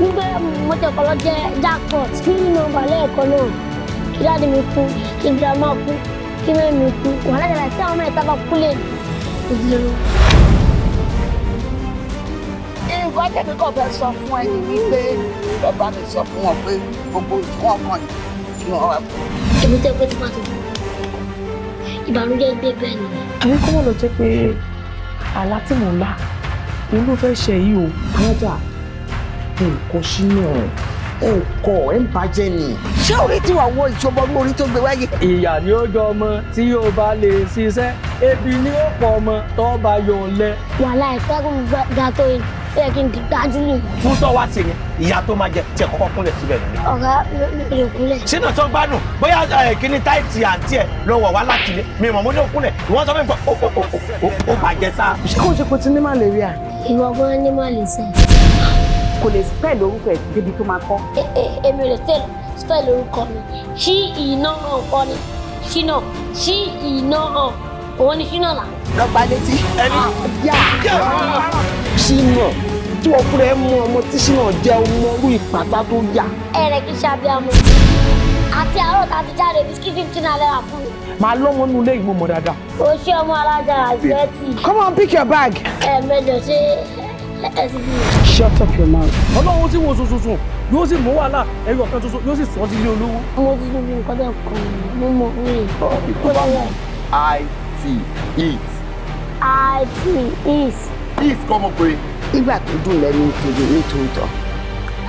nígbà mo tẹ kọ́ lọ jẹ jackpot kí ni mo wà lẹ́ẹ̀kan náà kí dáàdi mi kú kí girama kú kí mẹ́rin mi kú wàhálà yàrá tí àwọn mẹ́ta bá kú lè dúró. nǹkan tẹ̀mí kò fẹ́ sọ fún ẹni wípé bàbá mi sọ fún wọn pé gbogbo ìwọ̀n kan yìí ni wọ́n wá kú. èmi tẹ́ pé tí wọ́n ti kú ìbànújẹ́ gbé bẹ́ẹ̀ ni. àbí kọ́mọ̀ lọ jẹ́ pé àlá tí mò ń lá òun ló fẹ́ ṣe yìí o. àwọn ọjà nǹkan sínú ẹ ò kọ ẹ ń bàjẹ́ ni. ṣé orí tí wàá wọ ìjọba olórí tó gbé wáyé. ìyà ni ó jọ ọmọ tí yóò bá lè ṣiṣẹ́ ebi ni ó pọ̀ ọmọ tó bá yọ ọ̀lẹ. wàhálà ìtẹ́gùn ga tó yìí ó yẹ kí n ti dájú nù. fún tọ́ sí ni ìyá tó máa jẹ tiẹ̀ kọ́kọ́ kúnlẹ̀ síbẹ̀ ọ̀gá mi lè kúnlẹ̀. sínú tó gbádùn bóyá kíní táìtì àǹtí ẹ̀ lọ wọ̀ wá lákìlẹ̀ mi mọ̀ mo ní òkúnlẹ̀ ìwọ́n sọ fún mi pé ó bàjẹ́ sá. ṣé kò ṣe kò ti ní màlẹ́ríà. ìwọ gan ní màlẹ́sẹ̀ kò lè spell orúkọ ẹ̀ débi tó máa kọ́. èmi rè tẹ́lẹ̀ spell orúkọ mi ṣí iná hàn kọ́ ni ṣínà ṣí iná hàn òun ni ṣínà là. lọ́gbà létí. ẹni ah, yá ṣínà tí ọkùnrin ẹ mú ọmọ tí ṣínà jẹ ọmọ orú ìpàtà tó yà. ẹ̀rẹ̀ kì í ṣe abiyamọ àti àárọ̀ tá jáde bisikí fifteen naira fún mi. màá lọ́wọ́ nínú ilé ìgbìmọ̀ dáadáa. o ṣé ọmọ alájà àti bẹ́ẹ̀tì. come on pick your bag. ẹ̀ẹ̀mẹjọ ṣe shut up your mouth. ọlọ́run tí wo tuntun yóò sì mú wàhálà ẹyọ kan tuntun yóò sì sọ ọ́ di ilé olówó. mo ti fi nǹkan bẹ́ẹ̀ kọ́ mo mọ mi. ìtọ́ bá wọn. i t eat. i t eat. eat kọ́ ọmọ pé. nígbà tó dùn lẹ́nu ìtòlè nítòótọ́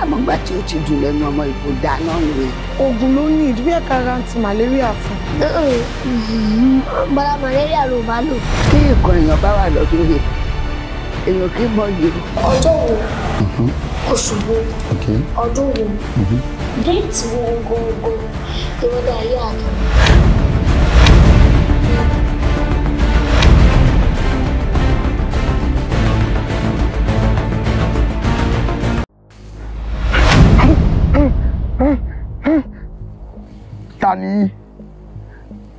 àmọ́gbà tí ó ti dùn lẹ́nu ọmọ ìbò dáná rèé. oògùn ló ní ìdí bẹ́ẹ̀ kára ti màlẹ́ríà fún. bọ́lá màlẹ́ríà ló bá lò. bí nǹkan èèyàn bá wà lọ́dún yìí èèyàn kì í mọ iye. ọjọ́ wo mhm. oṣù wo ọdún wo mhm. déètì wo gbogbo ìrọ̀lẹ́ ayé àná. ta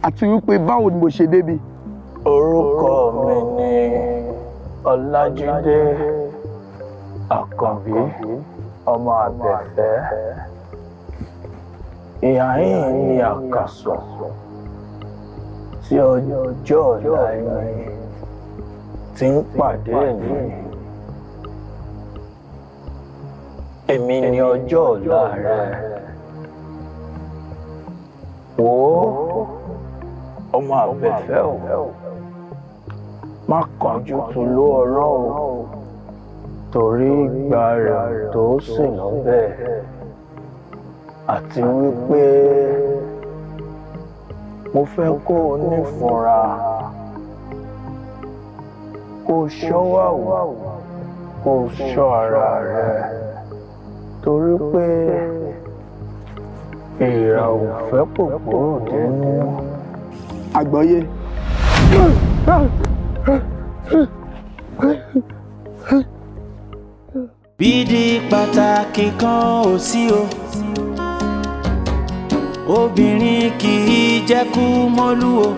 àti wípé báwo ni mo ṣe débi. orúkọ mi ni ọlájídé àkànbí ọmọ àbẹ̀fẹ́ ìhàhín ni àkàsọ̀ tí ọjọ́ ọ̀la ẹni ti ń pàdé ẹ̀mí èmi ni ọjọ́ ọ̀la rẹ wò ó ọmọ àbẹ̀fẹ́ o má kánjú tolú ọlọ́run torí ìgbà tó sì lọ bẹ́ẹ̀ àti wípé mo fẹ́ kó o nífura kó o ṣọ́wàwà kó o ṣọ́ ara rẹ̀ torí pé ìrà ò fẹ́ pòpòrò dínú. àgbọ́yé bídí pàtàkì kan ò sí o obìnrin kì í jẹ́ kú mọ́lú o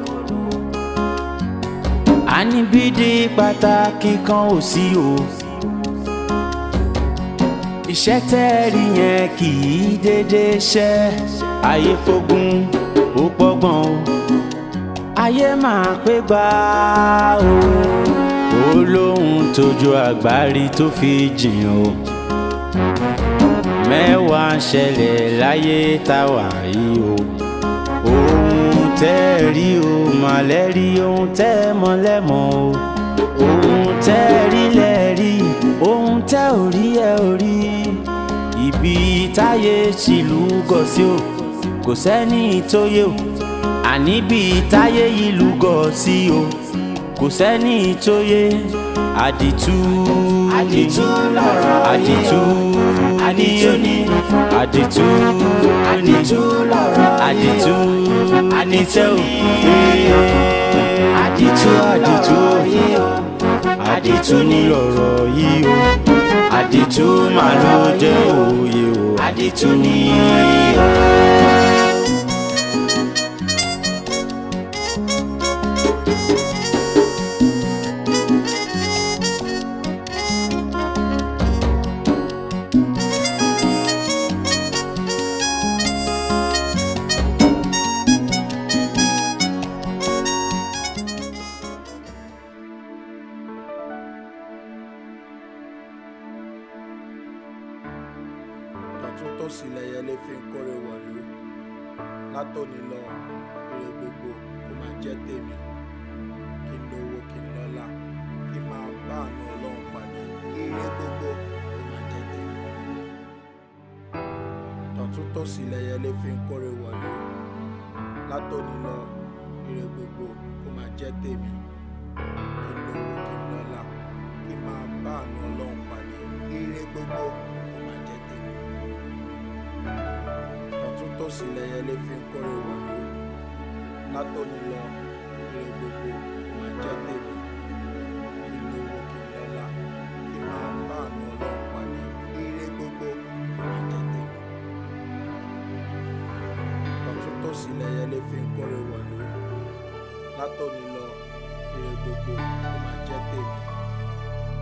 àní bídí pàtàkì kan ò sí o iṣẹ́ tẹ́ẹ̀rí yẹn kì í dédé ṣẹ́ àyè fogun ó pọ́gbọ́n o ayé máa pé gbà o olóhùn tójú àgbárí tó fi jìn o mẹ́wàá ń ṣẹlẹ̀ láyé táwa yìí o ohun tẹ́ ẹ rí o màlẹ́ rí ohun tẹ́ ẹ mọ̀ lẹ́mọ̀ o ohun tẹ́ ẹ rí lẹ́ ohun tẹ́ ò rí ẹ ò rí ibi táyé sílùú gọ̀ o kò sẹ́ni tó yé o àní bíi táyé yìí lúgọ sí o kò sẹ́ni tó yé àdìtú àdìtú lọ̀rọ̀ àdìtú àdìtú ni àdìtú àdìtú lọ̀rọ̀ àdìtú àdìtú àdìtú àdìtú àdìtú ni lọ̀rọ̀ yìí o àdìtú màá ló jẹ́ òye o àdìtú ni. fi ń kórè wọ̀lú látòní lọ ire gbogbo kó máa jẹ́ tèmi kí n lówó kí n lọ́lá kí n máa bá àánú ọlọ́run pàdé ire gbogbo kó máa jẹ́ tèmi. lẹ́yẹlé fi kórè látòní lọ gbogbo kó tèmi. sì lẹyẹlé fi ń kórè wọ̀lú látòní lọ ire gbogbo kò máa jẹ́ tèmi kí lówó kí lọ́lá kí máa bá àánú ọlọ́run pàdé ire gbogbo kò máa jẹ́ tèmi. ọ̀tún tó sì lẹyẹlé fi ń kórè wọ̀lú látòní lọ ire gbogbo kò jẹ́ tèmi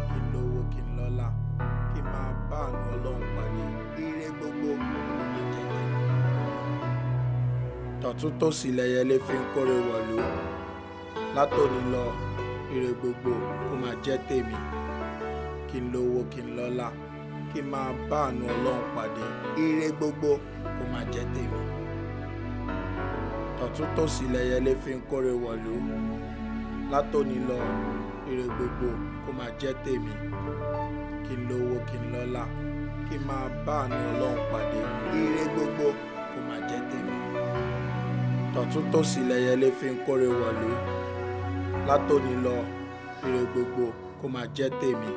kí lówó kí lọ́lá kí máa bá àánú ọlọ́run pàdé. tọ̀túntòsì lẹ́yẹlé fi ń kórè wọ̀lú látòní lọ ire gbogbo kó máa jẹ́ tèmi kí n lówó kí n lọ́lá kí n máa bá àánú ọlọ́run pàdé ire gbogbo kó máa jẹ́ tèmi tọ̀túntòsì lẹ́yẹlé fi ń kórè wọ̀lú látòní lọ ire gbogbo kó máa jẹ́ tèmi kí n lówó kí n lọ́lá kí n máa bá àánú ọlọ́run pàdé ire gbogbo kó máa jẹ́ tèmi tọ̀túntòsì lẹ́yẹlé fi ń kórè wọ̀lú látòní lọ ire gbogbo kó máa jẹ́ tèmi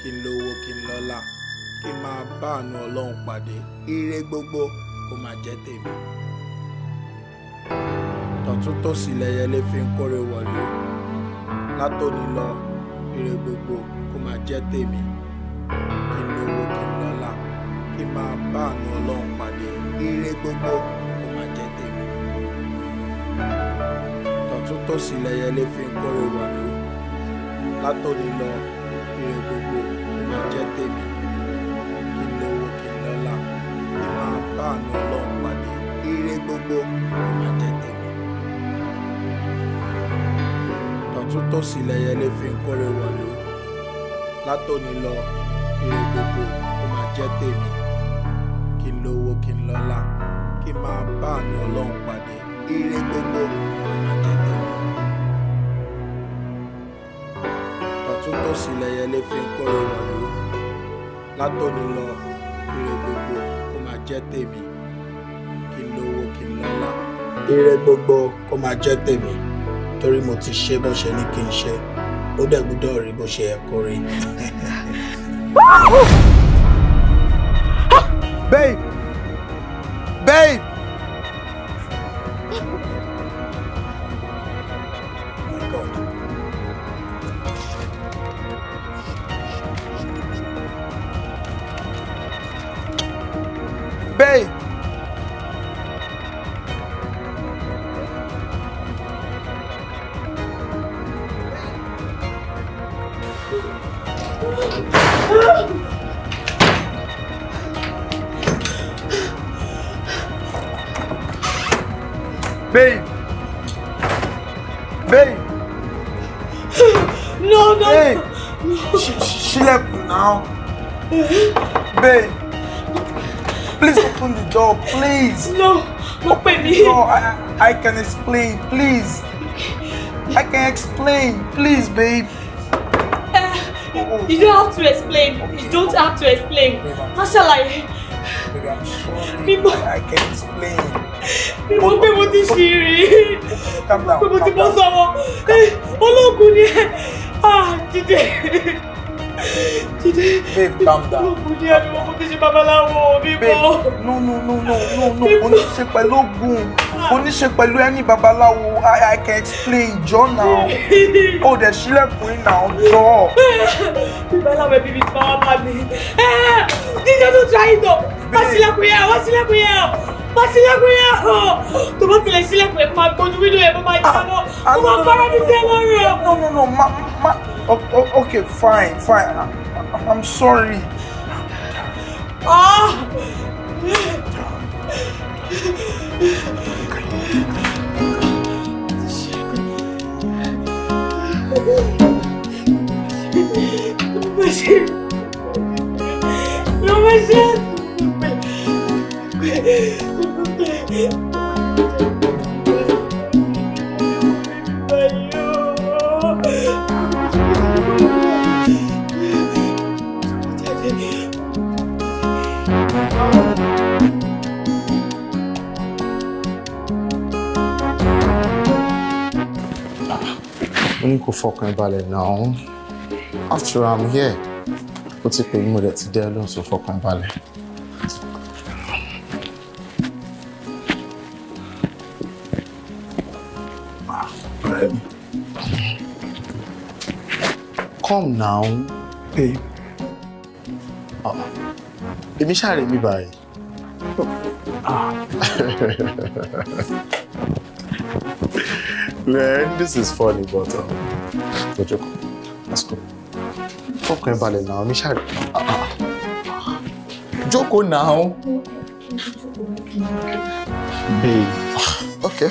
kí n lówó kí n lọ́lá kí n máa bá àánú ọlọ́run pàdé ire gbogbo kó máa jẹ́ tèmi tọ̀túntòsì lẹ́yẹlé fi ń kórè wọ̀lú látòní lọ ire gbogbo kó máa jẹ́ tèmi kí n lówó kí n lọ́lá kí n máa bá àánú ọlọ́run pàdé ire gbogbo. tòsí lẹyẹlé fi ń kórè wà ló látòní lọ ire gbogbo kò máa jẹ́ tèmi kí n lówó kí n lọ́lá kí n máa bá àánú ọlọ́run pàdé ire gbogbo kò máa jẹ́ tèmi. tọ̀tún tòsí lẹyẹlé fi ń wà ló látòní lọ ire gbogbo kò máa jẹ́ tèmi kí n lówó kí n lọ́lá kí n máa bá àánú ọlọ́run pàdé ire gbogbo. òsì lẹyẹ lè fi kórè wọn lò látòní lọ ire gbogbo kó máa jẹ́ tèmi kí n lówó kí n lọ́lá ire gbogbo kó máa jẹ́ tèmi torí mo ti ṣe bó ṣe ní kí n ṣe ó dẹ̀ gbúdọ̀ rí bó ṣe yẹ rí. Babe! Babe! can explain, please. I can explain, please, babe. Eh, you don't have to explain. You don't have to explain. How shall I? Baby, I'm sorry. People, I, I can explain. People, people, this shiri. Calm down. People, people, someone. Ológun ni. Ah, Jide. Jide. Babe, calm down. Ológun ni. Àbí mo kò ti ṣe babaláwo. Babe, no, no, no, no, no, no. Oníṣe pẹ̀lú ogun ó ní ṣe pẹ̀lú ẹni babaláwo i i can explain jọ náà ó dẹ̀ sílẹ̀kùn náà jọ. babaláwo ẹbí mi ti máa wá bá mi jíjẹ tó tra ìtọ̀ wá sílẹ̀kùn yẹn wá sílẹ̀kùn yẹn wá sílẹ̀kùn yẹn tó bá tilẹ̀ sílẹ̀kùn yẹn máa gbójú wíńdò yẹn máa jábọ́ ó máa ah, gbára mi sí ẹ lórí no no no ma ma okay fine fine I, i'm sorry. Ah! 不我不是，不是，不是，不是。ní kò fọkàn balẹ̀ náà after I'm here ó ti pè mí ti dẹ́ lóhùn tó fọkàn balẹ̀. Come now. Babe. Ah. Èmi ṣàrè mi báyìí. Oh. Ah. Man, this is funny, but um, no joke. Let's go. Fọkàn ballet now, náà, mi ṣáà. Jókòó náà. Babe. Okay.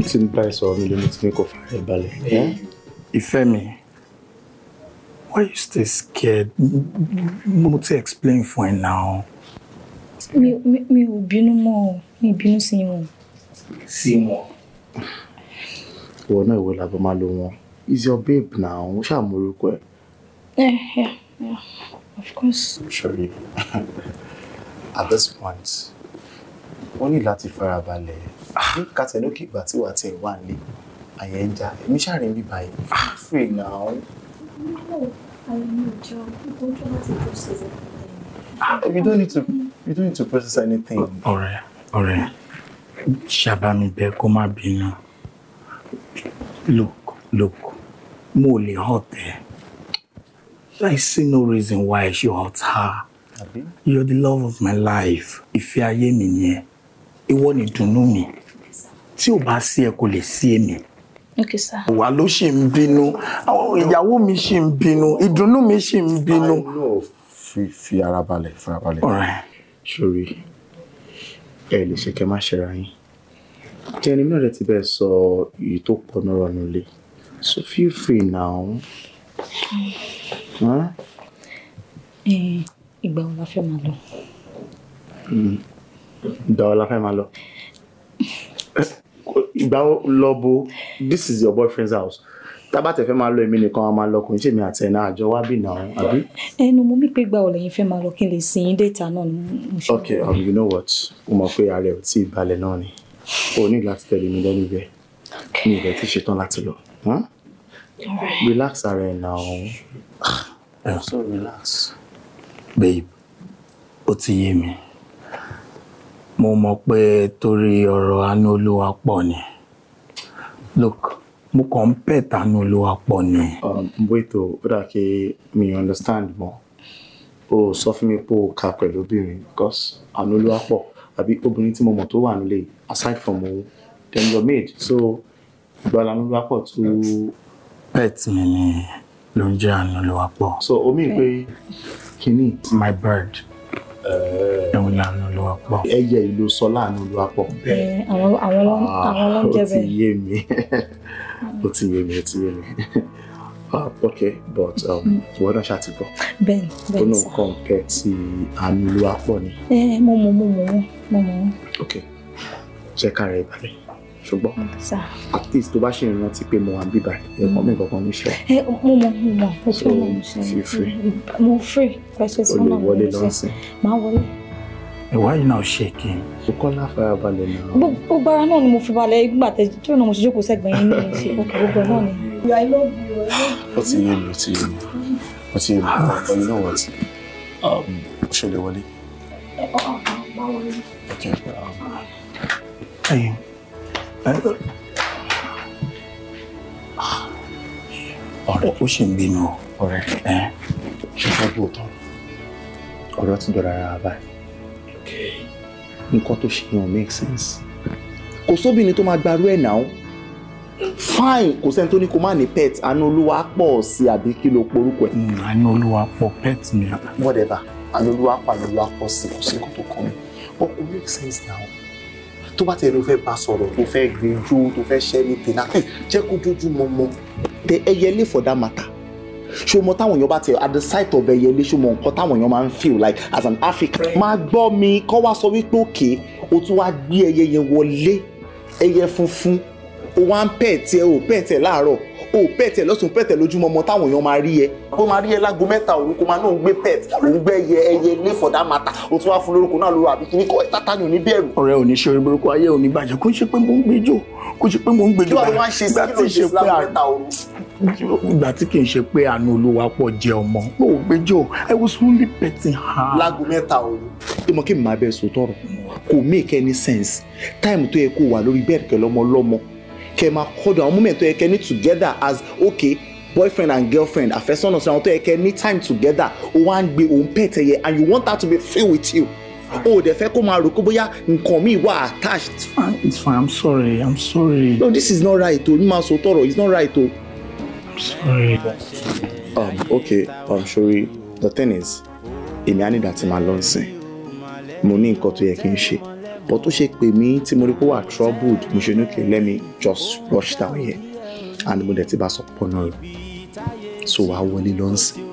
It's in ń bá ẹ sọ̀rọ̀ mi lónìí tí mi kò fara ẹ balẹ̀. why you still scared? Mo ti explain fún ẹ náà. Me, me, bínú mọ́ o, mi ò bínú see more. See more ìwọ náà ìwé làbọ̀ máa lo wọn is your babe now ó ṣàmú orúkọ ẹ. yeah yeah yeah of course. sorry at this point wọ́n ní láti farabalẹ̀ ní kàtẹ́lókì ìgbà tí wàá tẹ̀ wá nílé àyẹ̀ ń já èmi ṣàrin bíbá yìí free now. no ah, you don't need to you don't need to process anything. ọ̀rẹ́ ọ̀rẹ́ ṣàbámi bẹ́ẹ̀ kó má bínú look look mo lè hot ẹ I see no reason why I should hurt her you're the love of my life ìfẹ́ ayé mi nìyẹn ìwọ ni dùnnú mi tí ò bá sí ẹ kò lè sí èmi. Okay, sir. Wà ló ṣì ń bínú, àwọn ìyàwó mi ṣì ń bínú, ìdùnnú mi ṣì ń bínú. Fi fi ara balẹ̀, fara balẹ̀. Ọ̀rẹ́ ẹ lè ṣe kẹ́ má ṣera yín tí ẹni náà rẹ ti bẹ́ẹ̀ sọ èyí tó pọ̀ náà rọrùn lé so feel free now. Hmm. ìgbà wo la fẹ́ máa lọ. Hmm. ìgbà wo la fẹ́ máa lọ. ìgbà wo lọ bo this is your boyfriend's house tábà tẹ̀ fẹ́ máa lọ èmi nìkan a máa lọ kò ń ṣèmi àti ẹ̀nà àjọ wá bì náà àbí. ẹnu mo mí pé gba ọ̀lẹ́ yẹn fẹ́ máa lọ kí n lè sin in déta náà ni mo ṣe. ok um, you know what mo mọ̀ pé ààrẹ ò tí ì balẹ̀ náà ni o ní láti tẹ̀lé mi lẹ́nu ibẹ̀ mi ìbẹ̀ ti ṣetán láti lọ. relax ara ẹ̀ náà ẹ̀ ah, so relax. babe ó ti yé mi mo mọ̀ pé torí ọ̀rọ̀ àánú olúwa pọ̀ ni look mo kàn ń pẹ̀ tanu olúwa pọ̀ ni. mbóètò um, ó dà kí mi understand mọ́ o sọ fún mi pé o kà pẹ̀lú obìnrin because àánú olúwa pọ̀ àbí obìnrin tí mo mọ̀ tó wà nílé aside from owó then your maid so ìgbà làánú olúwa pọ̀ tó. pet mi ni ló ń jẹ́ àánú olúwa pọ̀. so omi pé kínní. my bird ẹ̀wọ̀n lànà ló wà pọ̀. ẹyẹ ìlú sọ láàánú eh, ló wà pọ̀. Ah, àwọn ọlọ́njẹ bẹ́ẹ̀. ó ti yé mi. ó ti yé mi ó ti yé mi ah, ok but um, mm. wọ́n náà ṣàti bọ̀ bẹ́ẹ̀ni bẹ́ẹ̀ni sá ó náà kàn kẹ́ ti àmìlúwa pọ̀ ni. ẹ mo mọ mo mọ wọn mo mọ wọn. ok ṣe kára ẹ balẹ̀ ṣùgbọ́n mm, at least tó bá ṣe ìrántí pé mo wà bíbá ẹ̀kọ́ mi kankan níṣẹ́. ẹ mo mọ mo mọ mo fẹ́ mo mm, mo free mo free precious mo mọ mo ṣe máa wọlé ìwà yìí náà ṣe kí n. kọ́lá farabalẹ̀ náà. gbogbo ara náà ni mo fi balẹ̀ ìgbà tẹ́jọ́ náà mo ṣe jókòó sẹ́gbẹ̀ẹ́ yín náà ṣe ọkọ̀ gbogbo náà ni. ó ti yé mi ó ti yé mi ó ti yé mi ọ̀pọ̀ iná wọ̀ sí i ṣe lè wọlé. ẹyin ọ̀rẹ́ ó ṣe ń bínú ọ̀rẹ́ ṣe fẹ́ bóòtọ́ ọ̀rọ̀ ti dọ̀rọ̀ ara báyìí nǹkan tó ṣe yàn make sense kò sóbìnrin tó máa gbarú ẹ̀ náà fine kò sẹ́ni tó ní kó má ní pet àánú olúwa pọ̀ sí àbí kí ló porúkọ ẹ̀. Hmm, àánú pọ̀ pet ni. whatever àánú olúwa pọ̀ àánú olúwa pọ̀ sí kò sí kò tó kàn mí but kò make sense now tó bá tẹ̀lé o fẹ́ bá sọ̀rọ̀ tó fẹ́ gbẹjú tó fẹ́ ṣẹ́ ní tẹ̀lé àtẹ̀ jẹ́ kó dójú mọ́ mọ́ ẹyẹlé for that matter ṣó táwọn èèyàn bá tẹ at the sight of ẹyẹlé ṣó mọ nǹkan táwọn èèyàn máa ń feel like as an African. máa gbọ́ mi kọ́ wá sọ wípé òkè o tún wá gbé ẹyẹ yẹn wọlé ẹyẹ funfun o wá ń pẹ̀ tẹ o pẹ̀ tẹ láàárọ̀ o pẹ̀ tẹ lọ́sùn pẹ̀ tẹ lójúmọ́ mọ táwọn èèyàn máa rí ẹ. ó máa rí ẹ lágo mẹ́ta òru kó máa náà gbé pet òun gbé ẹyẹ ẹyẹ ilé for that matter o tún wá fún lórúkọ náà lóru àbí kíní kọ́ tátà ní oníbẹ̀rù. ọ̀rẹ́ ò ní ṣe orí burúkú ayé ò ní bàjẹ́ kó ṣe pé mò ń gbẹjọ́ kó ṣe pé mò ń gbẹjọ́ báyìí. kí wàá ló wá ṣe sí kí ló ń ṣe sí lágo mẹ́ta òru ìgbà tí kì í ṣe pé àánú olúwa pọ̀ jẹ ọmọ mo ò gbẹjọ i was only petting her. láago mẹ́ta òru. ìmọ̀ kí n máa bẹ̀rẹ̀ sòótọ́ rọ̀ kò make any sense time tó yẹ kó wà lórí bẹ́ẹ̀ kẹ lọ́mọ lọ́mọ kẹ máa kọ́dọ̀ àwọn moment tó yẹ kẹ ní together as okay boyfriend and girlfriend àfẹ́sọ́nà sí àwọn tó yẹ kẹ ní time together ó wá ń gbé òun pẹ̀ tẹ̀yẹ and you want that to be free with you o dẹ̀ fẹ́ kó máa rò kó bóyá nǹkan mi wà attached. it's fine i'm sorry i'm sorry. no this is not right o mi máa sọ tọrọ it's not right o sorry. Um, okay, um, sorry. The thing is, èmi á ní ìdá tí màá lọ sìn. Mo ní nǹkan tó yẹ kí n ṣe. Bọ́ tó ṣe troubled, mo ṣe ní let me just rush down here. And we'll get ti bá sọ pọ̀ So I wọlé lọ sìn.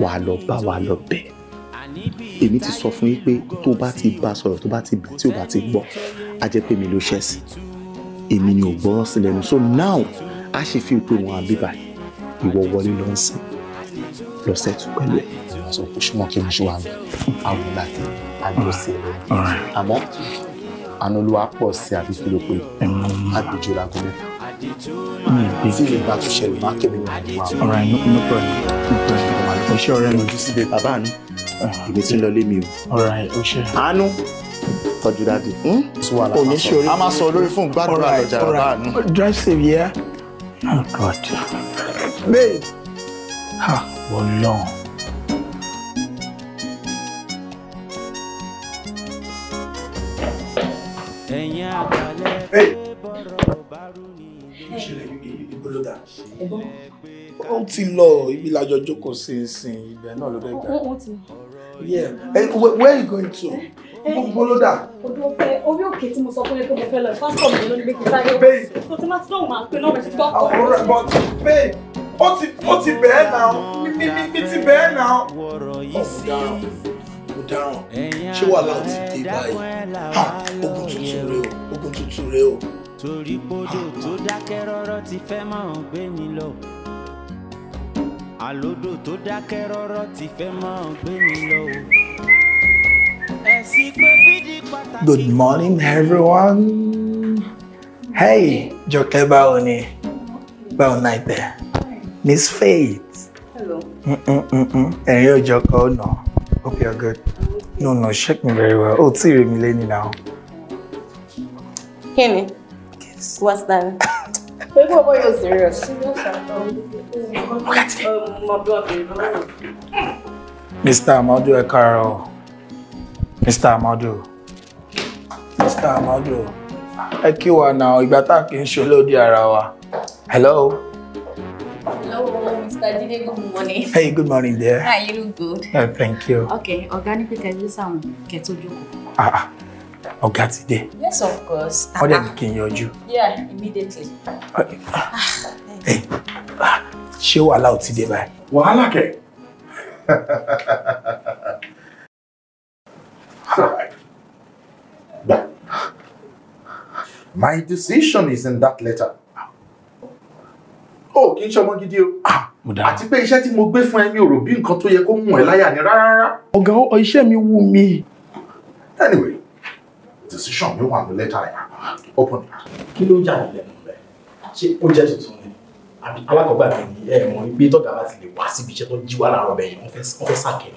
Wàá lọ bá wàá lọ bẹ̀. Èmi ti sọ fún yín pé tó bá ti bá sọ̀rọ̀ tó bá ti bẹ̀ tí ò bá ti gbọ́, á jẹ́ pé mi ló ṣẹ̀ sí. Èmi ni ò gbọ́rọ̀ sí lẹ́nu. So now a ṣe fi pé wọn àbí báyìí ìwọ wọlé lọ sí lọ́sẹ̀ tó pẹ̀lú ẹ̀ sọ pé ṣé wọn kí wọn ṣe wà mí àwọn láti àgbọ̀sẹ̀ rẹ̀ àmọ́ anulúwa pọ̀ sí àbí kí ló pé àgbèjò la gómìn. tí mi bá tún ṣẹlẹ̀ máa kébé wọn wá. ọ̀rọ̀ ẹ̀ no problem no problem. iṣẹ́ ọ̀rẹ́ mi ojú síbi bàbá mi ìgbé tí ń lọ lé mi o. ọ̀rọ̀ ẹ̀ o ṣe. àánú tọ́jú dáadé. Hmm? kò ní ṣe orí. a máa sọ lórí fún gbàdúrà lọ́jà bàbá àánú. drive safe yẹ́. Yeah? Oh God. Babe. Ha, Ọlọ́run. Hey. ó ti lọ ibi lájọ jókòó sí ìsìn ibẹ̀ náà ló dé gbà. yeah hey, where, where you going to gbogbo ló dà. odò fẹ orí òkè tí mo sọ fún ẹ pé mo fẹ́ lọ pásítọ̀ mi ló ní gbé kí sáré wọ so tí máa ti dọ̀hùn máa pe náà bẹ̀ ti gbọ́. àwòrán but babe ó ti ó ti bẹ́ẹ̀ náà mi mi mi ti bẹ́ẹ̀ náà. ọ̀daràn ọ̀daràn ṣé wàhálà ti dé báyìí ha ogun tuntun rèé o ogun tuntun rèé o torí bodò tó dákẹ́ rọ́rọ́ ti fẹ́ máa gbé ni lọ. àlódò tó dákẹ́ rọ́rọ́ ti fẹ́ máa gbé ni lọ Good morning, everyone. Hey, Joke Baoni. there? Miss Faith. Hello. Mm-mm-mm-mm. And you, Joke, oh no. Hope you're good. No, no, shake me very well. Oh, see you, Mileni now. Kenny. Yes. What's that? Baby, how about you? Serious? Serious, Mr. Amadu carol. Mr. Amadu. Mr. Amadu. Ẹ kí wa náà ìgbà tá kì í ṣe olóòdì ara wa. Hello. Hello, Mr. Dide, good morning. Hey, good morning there. Hi, you look good. Yeah, thank you. Okay, ọ̀gá ní pé kẹ́lí sàwọn kẹ́tọ́ jókòó. Ah ah, ọ̀gá ti dé. Yes, of course. Wọ́n dẹ̀ ah, ní kí n yọjú. Yeah, immediately. Ah, eh, ah, ṣé wàhálà ò ti dé báyìí? Wàhálà kẹ̀. But my decision is in that letter. Oh, kì í ṣọmọ gidi o. Ah, àti pé iṣẹ́ tí mo gbé fún ẹ mi ò rò bí nǹkan tó yẹ kó mú ẹ láyà ni rárá. Ọ̀gá ọ iṣẹ́ mi wù mí. Anyway, decision mi wà ní lẹ́tà yẹn. Open. Kí ló jà nílẹ̀ mọ̀ rẹ̀? Ṣé ó jẹ́ tuntun ni? Àbí alákọ̀ọ́gbà mi ni ẹ̀ mọ̀ pé tọ́gà bá ti lè wá síbi iṣẹ́ tó jí wá láàárọ̀ bẹ̀yẹn, wọ́n fẹ́ sàkẹ́.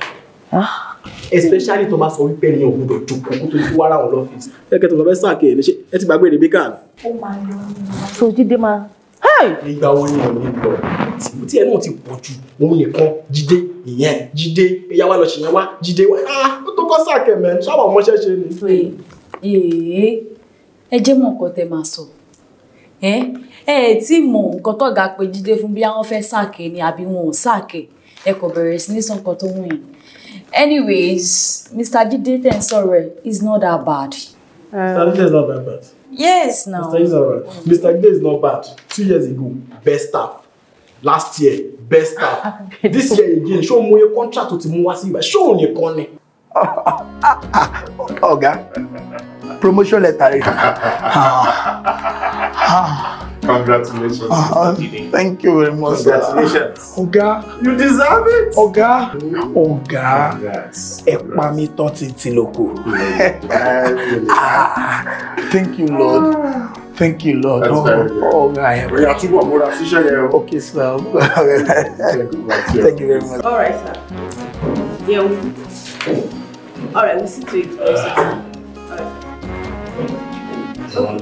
Ah. especially tó bá sọ wípé ní ògbúdọ̀ jókòó kó tó ti wá ráwọn lọ́fíìsì. ẹ kẹtọ bàbá sàkè ẹ ṣe ẹ ti gbàgbé Rebecca ni. ó máa lọ so jíde máa. ìgbà wo ni òní lọ tí ẹ náà ti pọ̀ jù òun nìkan jíde ìyẹn jíde ìyá wa lọ ṣìyẹn wá jíde wá ah! ó tó kọ́ sàkè mẹ́ ṣáwọn ọmọọṣẹ́ ṣe ni. ẹ jẹ́ mọ̀ nǹkan tẹ máa sọ ẹ ẹ tí mọ nǹkan tọ́gà pé jíde fún bí àwọn fẹ́ sàkè ni àbí wọn ò sàkè ẹ kò bẹ̀rẹ̀ sí ní sọ nǹkan tó wù yín anyways mr jide ten sọ̀rọ̀ ẹ is not that bad. mr jide is not that bad. yes na. No. mr jide is not bad mr jide is not bad two years ago best staff last year best staff this year again ṣé o mọ iye contract tó ti mú wá sí ibà oh, o nìkan ni. ọ̀gá promotion letter rẹ̀. Congratulations. Uh, thank you very much. Congratulations. Oga, You deserve it. Oga, Oga. Ẹ̀pà mi tán ti ti lóko. Thank you, Lord. Thank you, Lord. That's oh, very good. Oh, oh, Ọ̀gá ẹ̀. Oya túbọ̀ múra síṣẹ́ yẹn Okay, sir. Thank you very much. All right, sir. Yeah. All right, we'll sit to it. We'll see to it. Oh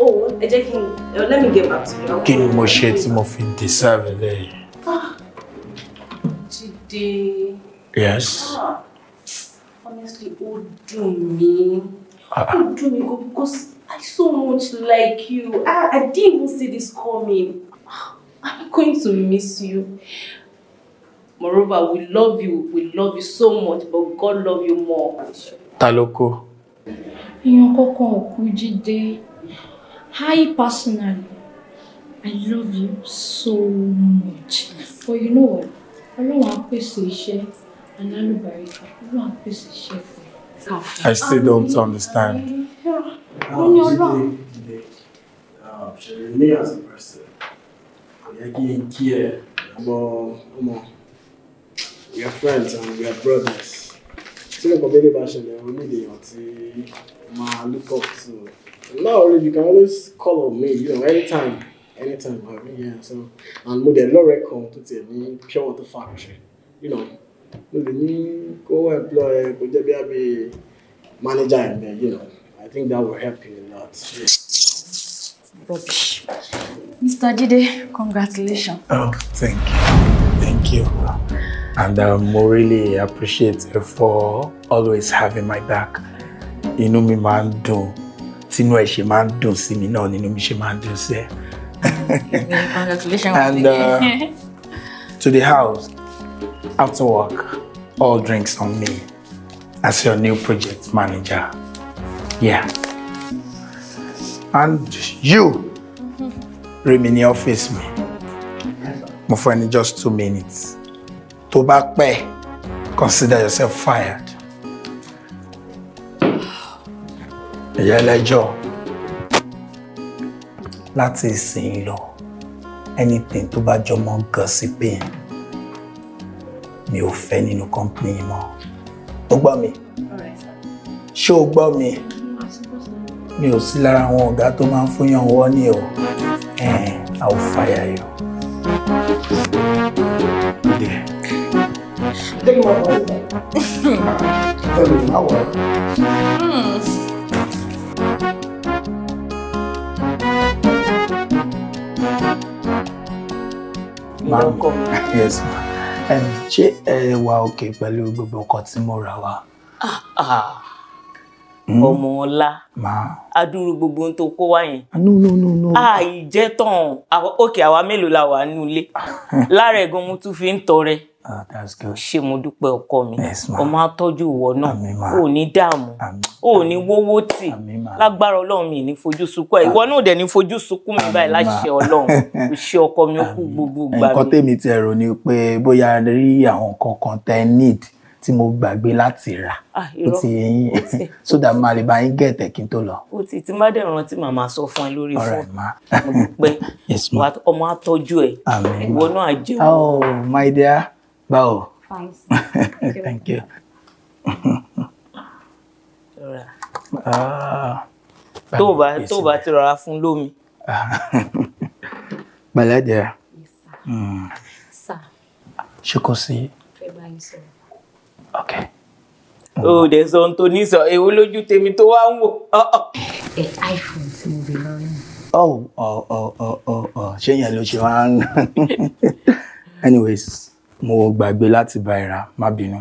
Oh, ẹ eh, let me get back to you. Kí ni mo ṣe tí mo fi deserve eléyìí? Ah, Jídé. Yes. Ah. Honestly, ó dùn mí. do me go? because I so much like you. I, ah, I didn't even see this coming. Ah, I'm going to miss you. Moreover, we love you. We love you so much, but God love you more. Taloko èèyàn kankan ò kú jíde hi personally i love you so much but you know what ọlọ́run á pèsè iṣẹ́ alálùbáríkà ọlọ́run á pèsè iṣẹ́ fún mi. i still don't understand. Ah, ó ní ọlọ́run. Ah, ṣèlérí ní àsìkò kò yẹ kí n kí ẹ ọmọ ọmọ we are friends and we are brothers tí nǹkan bẹ́ẹ̀ bá ṣẹlẹ̀ o ní èèyàn tí máa look up to now really you can always call on me you know anytime anytime i mean yeah so and mo dẹ̀ lọ́rẹ̀ kan to tiẹ̀ ní pure water factory you know mo lè ní kó employ kó jẹ́ bí abẹ́ manager ẹ̀ bẹ́ẹ̀ you know i think that will help you a lot. Rubbish. Mr. Jide, congratulations. Oh, thank you. Thank you. And um, mo really appreciate her for always having my back. You know me, man. Do. See ẹ̀ she man do. See me mi You know mi ṣe máa ń dùn Congratulations. and uh, to the house, after work, all drinks on me as your new project manager. Yeah. And you, mm-hmm. remain in the office, my friend, just two minutes. tó bá pẹ́ consider yourself fired. ìyá ẹlẹ́jọ́ láti ìsìn lọ anything tó bá jọ mọ́ gossiping mi ò fẹ́ nínú company mọ́ ó gbọ́ mi ṣé o gbọ́ mi mi ò sí lára àwọn ọ̀gá tó máa ń fúnyàn wọ́n ní o I will fire you. jẹ́ kí n máa fọ ọ́ ẹ lè má wọ̀ ọ́. Marco. yes ma. ṣé ẹ wà òkè pẹ̀lú gbogbo nǹkan tí mo rà wá. Ah, ah. Hmm? ọmọ ọlá adúrú gbogbo ohun tó kó wá yẹn. Ah, no no no no. àìjẹ́ tán òkè àwa mélòó la wà nílé lára ẹ̀gàn mo tún fi ń tọrẹ. Ah, ṣé mo dúpẹ́ ọkọ mi ọmọ atọ́jú ìwọ náà ò ní dààmú ò ní wówó tì lágbára ọlọ́run mi ní fojú sunkún ẹ̀ ìwọ náà dẹ̀ ní fojú sunkún mi báyìí láṣẹ ọlọ́run ṣe ọkọ mi ó kú gbogbo gbà nǹkan tèmi ti ẹ̀rọ ni pé bóyá rí àwọn nǹkan kan tẹ́ need tí mo gbàgbé láti rà ah, ó ti yẹn so máa lè bá yín gẹ̀ẹ́tẹ̀ kí n tó lọ. ó ti ti má dẹ̀ rántí màmá sọ fún ẹ lórí fún mo pẹ́ ọmọ atọ́jú ẹ̀ ìwọ náà jẹun. Oh, báwo. fine sir. thank you. Ah. tó o bá tó o bá ti rọra fún lómi. pẹ̀lẹ́dẹ̀. Hmm. ṣé kò sí. ok. o dẹ̀ sọ ohun tó ní sọ èwo lójú tèmi tó wá ń wò. ẹ iphone tí mo gbé lọ́rùn. oh oh oh oh oh ṣé yẹn ló ṣe wá ń. anyways mo gbàgbé láti bá ẹ rà má bínú.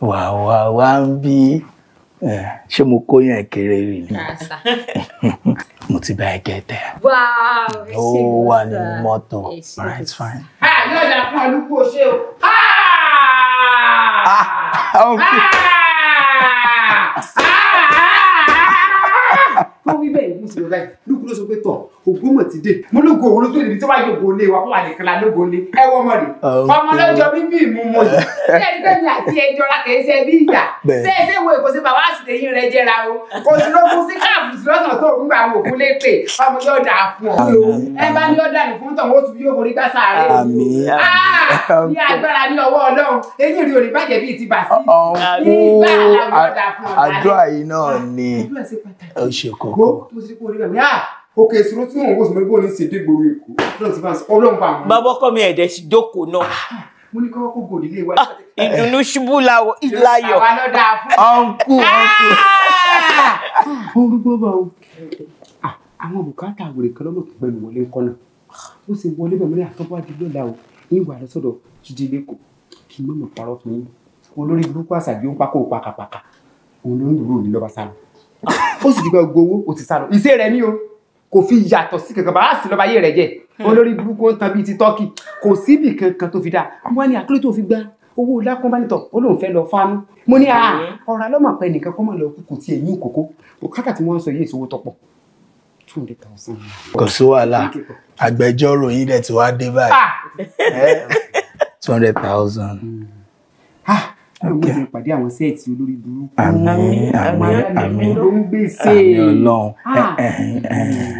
wà wá wá ń bí ṣé mo kó yàn kéré rí ni mo ti bá ẹ gẹ̀ẹ́tẹ̀. ó wà ní mọ́tò right fine. yóò dà fún àlùkò ṣe o. Ah, ah, mo wí bẹ́ẹ̀ mo sì lọ báyìí ló sọ pé tọ̀ ògbómọ̀ ti mo ló gòwó ló tó níbi tí wàá yóò gòlé wa fún àlè kala ló gòlé ẹ wọ ọmọ rẹ ah, ọmọ lọjọ bíbí ìmú mo yìí ṣé ẹni àti ẹjọ la kì í ṣe bí ìjà ṣé ẹsẹ èkó sí bàbá àti tèyí rẹ jẹra o kò sí ló kú sí káàfù sí lọ́sàn tó ń gba àwọn òkú lépè ọmọ yóò dà fún ọ ẹ bá ní ọ̀dà ní fún tọ̀hún ó tún yóò forí gbàsà rẹ ah! ní agbára ní ọwọ́ ọlọ́run eyín rí orí bàjẹ́ bíi ti bà sí ní oh, ìgbà oh. làwọn ọ̀dà fún ọ̀dà rẹ àdúrà òkè ìṣòro tí wọn ò wòsàn mọ́lẹ́bí òní ṣèdè gbòòrò èkó náà ti bá ń sọ ọlọ́run bá wọn. bàbá ọkọ mi ẹ̀dẹ̀ sì jókòó náà. Ah, ah, mo ní kí wọ́n kó gòdì ilé wa. Ah, ìdùnnú ṣubú lawọ ìlayọ̀. ọ̀nkú ọ̀nkú. orúkọ bá o àwọn bùkátà àwòrán kan lọ́mọ pẹ̀lú wọlé ńkọ́ náà ó sì wọlé bẹ̀rẹ̀ mọ́lẹ́ àtọ́gbà dídó la o ìwà rẹ sọ̀dọ̀ jíjí lẹ́kọ̀ọ́ kí mọ̀mọ́ parọ́ fún yín olórí burúkú àṣàbí ó ń pákó pakapaka òun ló ń dúró òní lọ́ba sálọ ó sì ti gbọ́ gbowó ó ti sálọ ìṣe rẹ ní o kò fi yàtọ̀ sí kankan bàbá sì lọ́ba ayé rẹ̀ jẹ́ hmm. olórí burúkú ó ń tan bíi ti tọ́kì kò síbì kankan tó fi dáa wọ́n ní àkúrẹ́ tó fi gbá owó lákọ́nbánitọ̀ ó lóun fẹ́ lọ fánú mo ní à ah, hmm. ọ̀rọ̀ alọ́mọ pẹ́ nìkan kọ́ mọ̀ lọ kú kò tiẹ̀ yín kókó òkàkà tí wọ́n sọ yìí ìṣòwò tọ̀pọ̀ two hundred thousand. kò sí wàhálà agbẹjọ́rò yín dẹ̀ ti wá dé báyìí ah! eh, two hundred thousand. Ah! gbogbo ìṣe ìpàdé àwọn sẹ́ẹ̀tì olórí burúkú àmín àmín àmín ló ń gbèsè àmín ọlọ́run ah. eh, eh, eh,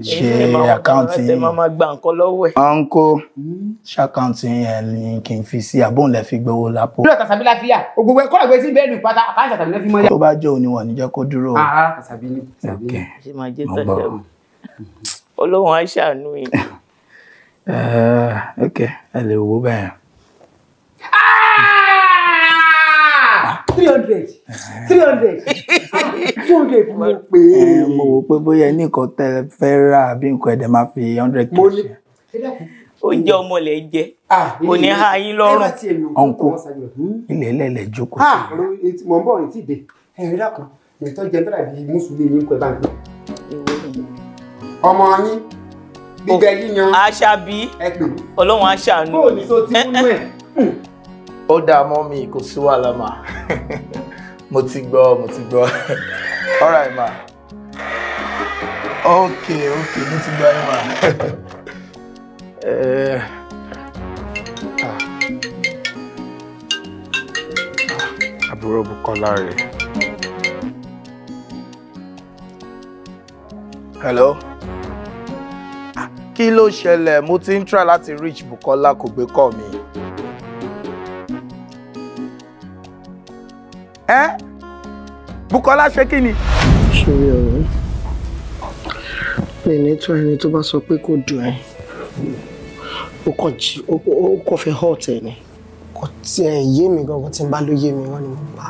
ṣe àkáǹtì ẹ máa máa gba nǹkan lọ́wọ́ ẹ̀. ọ̀nkó hmm? ṣàkáǹtì ẹ̀ ni kì í fi sí àbóhùn lẹ́ fi gbowó lápò. bí ọ̀tàṣàbí láfíà ògbógbó ẹ̀kọ́ àgbẹ̀ tí bẹ́ẹ̀ nù pátá àkáǹtì àtàbí lẹ́fí mọ́yà. tó bá jẹ́ òní wọn níjẹ́ kó dúró. Ah, ah, àtàbí ni tàbí ni ṣe máa jẹ́ tọ́jà ọlọ́run á ṣàánú yìí. ẹ ẹ ẹ lè wo bẹ́ẹ̀. hundred three hundred two hundred mo pè é. mo wò pé bóyá ẹni nǹkan tẹ fẹ́ rà bí nǹkan ẹ̀dẹ̀ máa fi hundred kì í ṣe. ó jẹ́ ọmọ ilẹ̀ jẹ́ kò ní ha yín lọ́rùn. ọ̀nkú hmm? ilẹ̀ ẹlẹ́lẹ̀ jókòó. mọ̀ ń bọ̀ ní tí ì dé ẹ̀rí dàkún ètò jẹ́ńtàrà bíi mùsùlùmí ní nǹkan báńkì. ọmọ yín gbígbẹ yíyan. àṣà bíi ọlọ́run àṣà nù. bóòlù tó ti kú nù ẹ̀ ó dáa mọ́ mi kò sí wàhálà mà mo ti gbọ́ mo ti gbọ́ all right ma ok ok mo ti gbọ́ ẹ ma. Eh, ah. Ah, àbúrò Bùkọ́lá rẹ̀. hello ah, kí ló ṣẹlẹ̀ mo ti ń try láti reach Bùkọ́lá kò gbé call mi. ẹ́ Bukola ṣe kí ni. ṣòro ọ̀rọ̀ mi ní tó ẹni tó bá sọ pé kò dùn ẹ́ ó kàn fẹ́ hot ẹ̀ ni kò tiẹ̀ yé mi gangan tí n bá ló yé mi wọ́n ni mo bá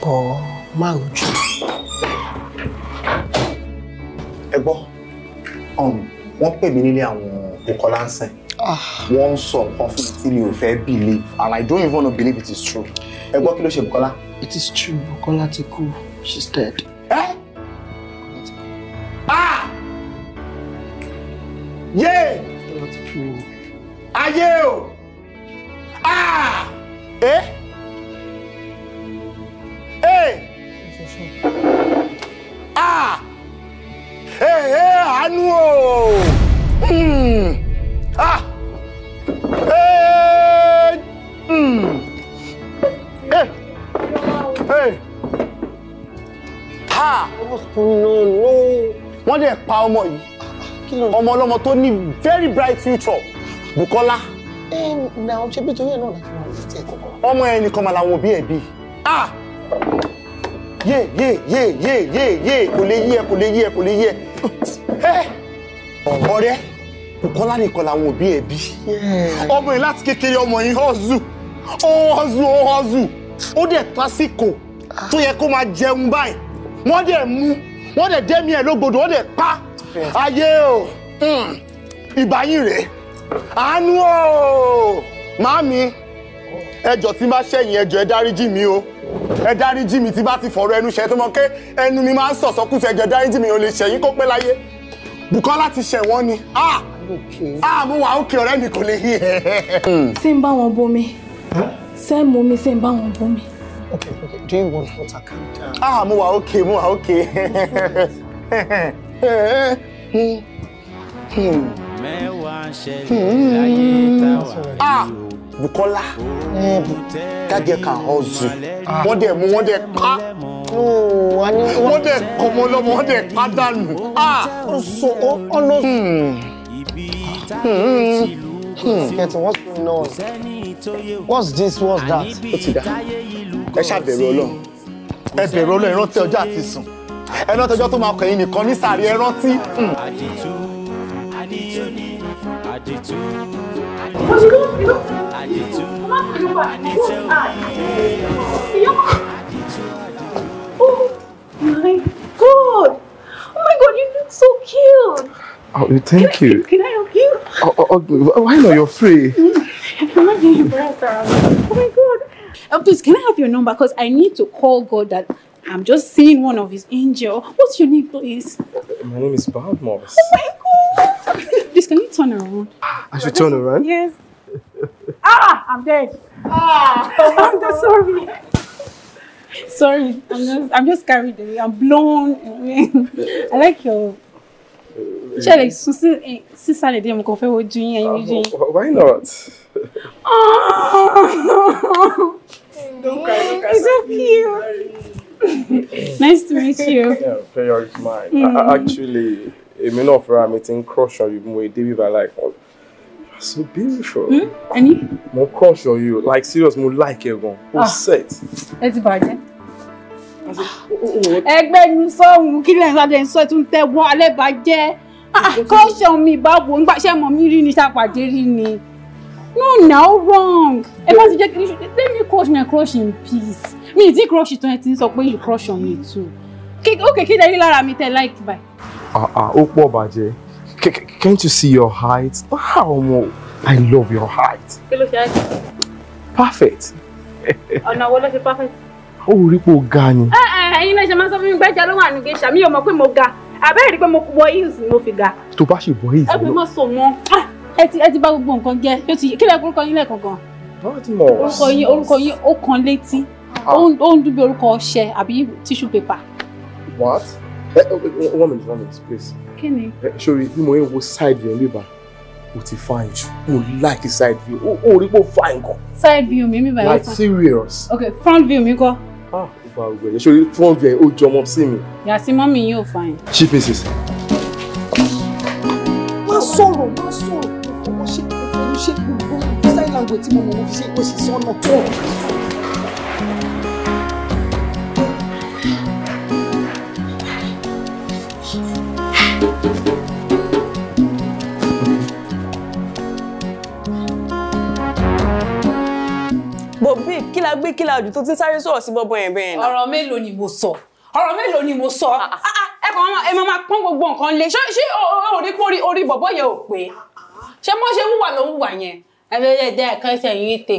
bọ̀ máa rojú. ẹ gbọ́ um, wọ́n pè mí nílé àwọn Bukola ń sìn ah. wọ́n ń sọ nǹkan fún mi tí mi ò fẹ́ believe and I don't even know believe it is true ẹ gbọ́ kí ló ṣe Bukola. it is true Bukola ti kú she is dead. ẹ ah yé ayé o ah ẹ ah ẹ ẹ àánú o. Hmm. wọ́n dẹ̀ pa ọmọ yìí ọmọ ọlọ́mọ tó ní very bright future Bukola. ẹ na ọjọ́ bí torí ẹ̀ náà láti máa fi tẹ̀ kọ̀kọ́. ọmọ ẹ nìkan màá làwọn òbí ẹ bí. yé yé yé yé yé yé kò lè yé ẹ kò lè yé ẹ kò lè yé ẹ. ọ̀rẹ́ Bukola nìkan làwọn òbí ẹ bí. ọmọ yìí láti kékeré ọmọ yìí họ́ọ̀zù ó họ́ọ̀zù ó họ́ọ̀zù ó dẹ̀ tásìkò ah. tó yẹ kó máa jẹun báyìí wọ́n dẹ̀ mú wọ́n dẹ̀ dẹ́mi ẹ̀ lógbodò wọ́n dẹ̀ pa ayé o hmm. ìbáyín rèé àánú o màámi ẹjọ tí bá ṣẹyìn ẹjọ ẹ dáríjì mi o ẹ dáríjì mi tí bá ti fọ̀rọ̀ ẹnu ṣe tó mọ pé ẹnu mi máa ń sọsọkúsọ ẹjọ dáríjì mi ò lè ṣẹyìn kó pẹ́ láyé Bùkọ́lá ti ṣẹ̀ wọ́n ni a ah! ah, mo wà òkè ọ̀rẹ́ mi kò lè yí ẹ. Hmm. ṣé ń bá wọn bomi ṣé ń mú mi ṣé ń bá wọn bomi doing wonderful. Calm down. Ah, mo wà okay, mo wà okay. Mẹ́wàá ṣẹlẹ̀ láyé Bukola, that girl can Mo Wọ́n mo mú wọ́n dẹ̀ pa. Wọ́n dẹ̀ kọmọ lọ́mọ, wọ́n dẹ̀ pa dànù. Ó sọ ọ́ Ibi tá ti lù hmm, hmm. Ketu what's going on what's this what's that. ó ti dá ẹ ṣàbẹ̀rù ọlọ́run ẹ bẹ̀rù ọlọ́run ẹ rántí ọjọ́ àti sùn ẹ rántí ọjọ́ tó máa kọ̀yìn nìkan ní sàárẹ̀ ẹ rántí. Àdìtú Àdìtú Àdìtú my god! Oh my god, you look so cute! Oh, thank can you. I, can I Oh, oh, oh, why not? You're free. I'm not getting better. Oh my God. please, can I have your number? Because I need to call God that I'm just seeing one of his angel. What's your name, please? My name is Bob Morris. Oh my God. Please, can you turn around? I should turn around? Yes. ah, I'm dead. Ah, I'm so sorry. sorry, I'm just, I'm just carried away. I'm blown away. I like your ṣe lè sún sísàlẹ̀ díẹ̀ mo kàn fẹ́ wojú yín ẹyin ah, why not. oh, ah! no. it's so cute. nice to meet you. yeah, pleasure is mine. Mm. I, actually èmi náà fẹ́ra I'm meeting crush on you mo David. I like wọn. Oh, so beautiful. Hmm. Any? More crush on you like serious More like ẹ gan. O ah. set. Ẹ ti bàjẹ́ ẹgbẹ́ ní sọ́hun kí lẹ́yìn sáde ń sọ ẹ̀ tún tẹ́wọ́ alẹ́ bá jẹ́ kọ́ṣọ̀n ah, ah. mi báwo ń gbàṣẹ́ mọ̀ mí rí ni ṣàpàdé rí ni no na ó wrong ẹ má ti jẹ́ kí let me crush my crush in peace mi ì tí crush tán ẹ ti ń sọ pé you crush on me too okay kí lè rí lára mi tẹ like báyìí. Ah, ó pọ̀ bàjẹ́ can't you see your height? báwo I love your height. perfect. ọ̀nà wo ló ṣe perfect ó rí pé o ga ni. Eh, eh, ẹyin náà ṣe máa ń sọ fún mi gbẹ́jà ló wà ní geisha mi ò mọ̀ pé mo ga àbẹ́rẹ́ rí pé mo wọ heels ni mo fi ga. tó bá ṣe wọ heels lọ. ẹ pé mo sọ mọ ah! ẹ ti ẹ ti bá gbogbo nǹkan jẹ yóò ti kílẹ̀ orúkọ yín lẹ́ẹ̀kan gan. orúkọ yín orúkọ yín ó kan létí ah. ó ń dúbí orúkọ ọṣẹ àbí tissue paper. what eh, one minute one minute please. kí ni. sori bí mo yẹ wo side yẹn lè bá o ti fine ju o like side view o rí pé o fine gan. side view mi mi bá yẹ like serious. ok front view mi kọ́ ah ìfà ògbẹ yẹn sórí fún ọgbẹ ó jọmọ sí mi. yàtí mọ́mì yín ò fàyàn. chief mrs. má sọ̀rọ̀ má sọ̀rọ̀ mo fọwọ́ ṣe mo fọwọ́ ṣe gbogbo sign language tí mo mọ̀ mo fi ṣe ìpèsè sọ́nà wo babe kí la gbé kí la jù tó ti sáré sọ̀rọ̀ sí bọ́bọ́ yẹn bẹ́ẹ̀ náà. ọ̀rọ̀ mélòó ni mo sọ ọ̀rọ̀ mélòó ni mo sọ. Ah, ah. Ah, ẹ kàn máa ẹ máa pọ́n gbogbo nǹkan lé ṣé orí kó orí bọ̀bọ́ yẹn ò pé ṣé mo ṣe wúwà ló wúwà yẹn ẹ bẹ́ẹ̀ dẹ́ ẹ̀kan ṣe yín tè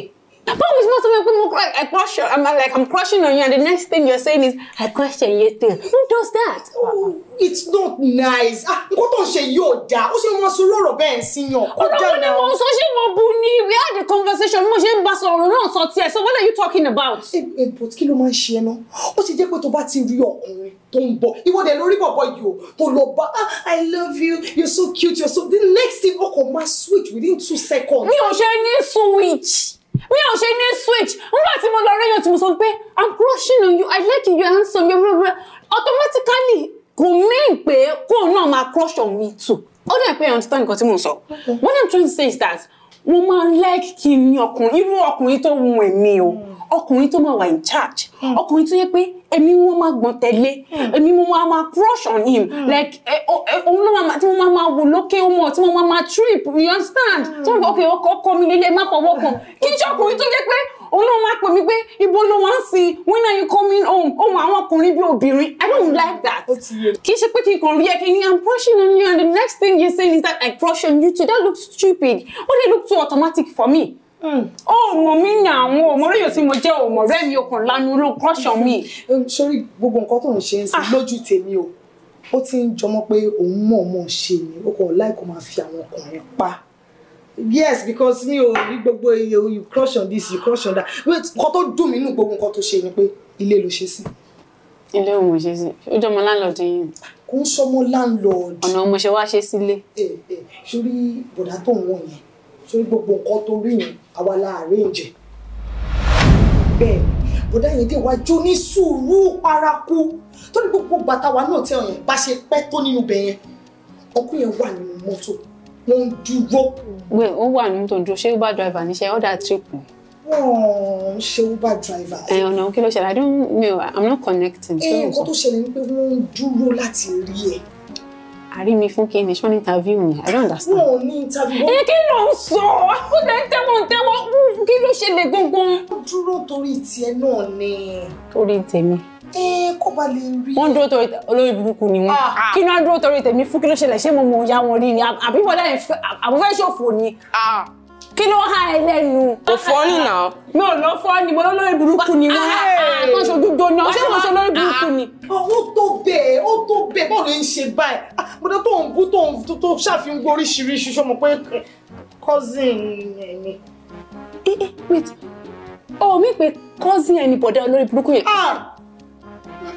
Báwo is not make people like, I crush, I'm like, I'm crushing on you, and the next thing you're saying is, I question your thing. Who does that? Oh, it's not nice. Ah, nǹkan tó ń your yóò What's your ṣe wọn sọ rọ̀rọ̀ senior? síyàn. Ọlọ́run ni mo sọ ṣé mo bu ni. We had a conversation. Mo ṣe ń bá sọ̀rọ̀ náà sọ So what are you talking about? Ẹ eh, eh, but what's your máa ń ṣe ẹ náà? Ó ti jẹ́ pé tó bá ti rí ọkùnrin tó ń bọ̀. Ìwọ dẹ̀ lórí bọ̀bọ̀ yìí ah I love you, you're so cute, you're so. The next thing ọkọ̀ máa switch within two seconds. Mi ò ṣe switch mi ò ṣe ní switch nígbà tí mo lọ rẹ́yìn tí mo sọ pé i'm crushing on you i like you you're handsome you're very very automatically kò mean pé kóun náà máa crush on me too ó dẹ̀ pé i understand nǹkan tí mo sọ what i'm trying to say is that mo máa like kí n ní ọkùnrin irú ọkùnrin tó wù èmi o ọkùnrin tó máa wà in charge hmm. ọkùnrin tó yẹ pé èmi wọn máa gbọ́n tẹ̀lé hmm. èmi mo máa máa crush on him hmm. like eh, oh, eh, òun ló máa tí mo máa máa wò lókè ọmọ tí mo máa trip you understand tí mo gbọ́ pé ọkọ mi lélẹ̀ má fọwọ́ kan kí n ṣe ọkùnrin tó yẹ pé òun náà máa pè mí pé ibo ló wá ń sin when are you coming home ohun àwọn ọkùnrin bíi obìnrin i don't like that. kì í ṣe pé kí n kàn rí ẹ kí ni i'm crushing on you and the next thing you say is that i crush on you too that looks stupid why dey look too automatic for me ọmọ hmm. mi ni àwọn ọmọ rẹ yóò tí mo jẹ ọmọ rẹ mi okùn lanu ló crush on me. sórí gbogbo nǹkan tó ń ṣe ń sìn ah. lójú tèmi o ó ti ń jọmọ pé òun mọ̀ọ́mọ̀ ṣe ni ó kàn láì kó máa fi àwọn ọkùnrin pa yes because mi ò rí gbogbo iye you crush on this you crush on that wait nǹkan tó dùn mí nù gbogbo nǹkan tó ṣe ni pé ilé ló ṣe sí. ilé ò mọ̀ ṣe sí ó jọmọ láńlọ́ọ̀dù yìí. kò ń sọmọ láńlọ́ọ̀dù. ọ̀nà mo ṣe wá ṣe sílé. ẹ eh, ẹ eh, sórí bọ̀dá tó ń wọ̀ yẹn sórí gbogbo nǹkan tó rí yẹn àwa la arrange. bẹ́ẹ̀ bọ̀dá yẹn dé wájú ní sùúrù paraku tó ní gbogbo bàtà wa náà tẹ̀ yẹn bá ṣe pẹ́ tó nínú bẹ̀ yẹn yẹn wà nínú mọ́tò wọ́n ń dúró. wẹ́ẹ̀ ó wà ní tó dúró ṣé uber driver níṣẹ́ order trip ni. wọ́n ṣe uber driver. ẹ ọ̀nà kí ló ṣẹlẹ̀ i don't know i'm not connecting. ẹ nǹkan tó ṣẹlẹ̀ ni pé wọ́n ń dúró láti rí ẹ àrí mi fún kíni ṣọ́ ní interview mi i don't understand. wọn ní interview. ẹ kí ló ń sọ ó dẹ tẹwọ tẹwọ kí ló ṣe lè gbọngbọn. dúró torí tiẹ̀ náà ni. torí tèmi kó ba lè rí. wọ́n dúró torí olórí burúkú ni wọ́n ah. kí ni wọ́n dúró torí tèmi fún kí ló ṣẹlẹ̀ ṣé mo mọ̀ ya wọn rí ni àbí bọ́dá yẹn àbúfẹ́ ṣòfò ni ah. kí ló há ẹ lẹ́nu. kò fọ́ọ̀nì náà. mi ò lọ fọ́ọ̀nì mo lólórí burúkú ni wọ́n. wọ́n ah, ṣojú jóná ṣé mo ṣe lórí burúkú ni. ó tó bẹ́ẹ̀ ó tó bẹ́ẹ̀ bọ́ọ̀lù ń ṣe báyìí mo dá tó ń bú tó ń tó ṣàfihàn gbọ́ oríṣiríṣi ṣọ́ mọ̀ pé cousin ẹ̀mí. Eh, eh, wait oh mi pe cousin ẹni bọ̀dá olórí burúkú yẹn.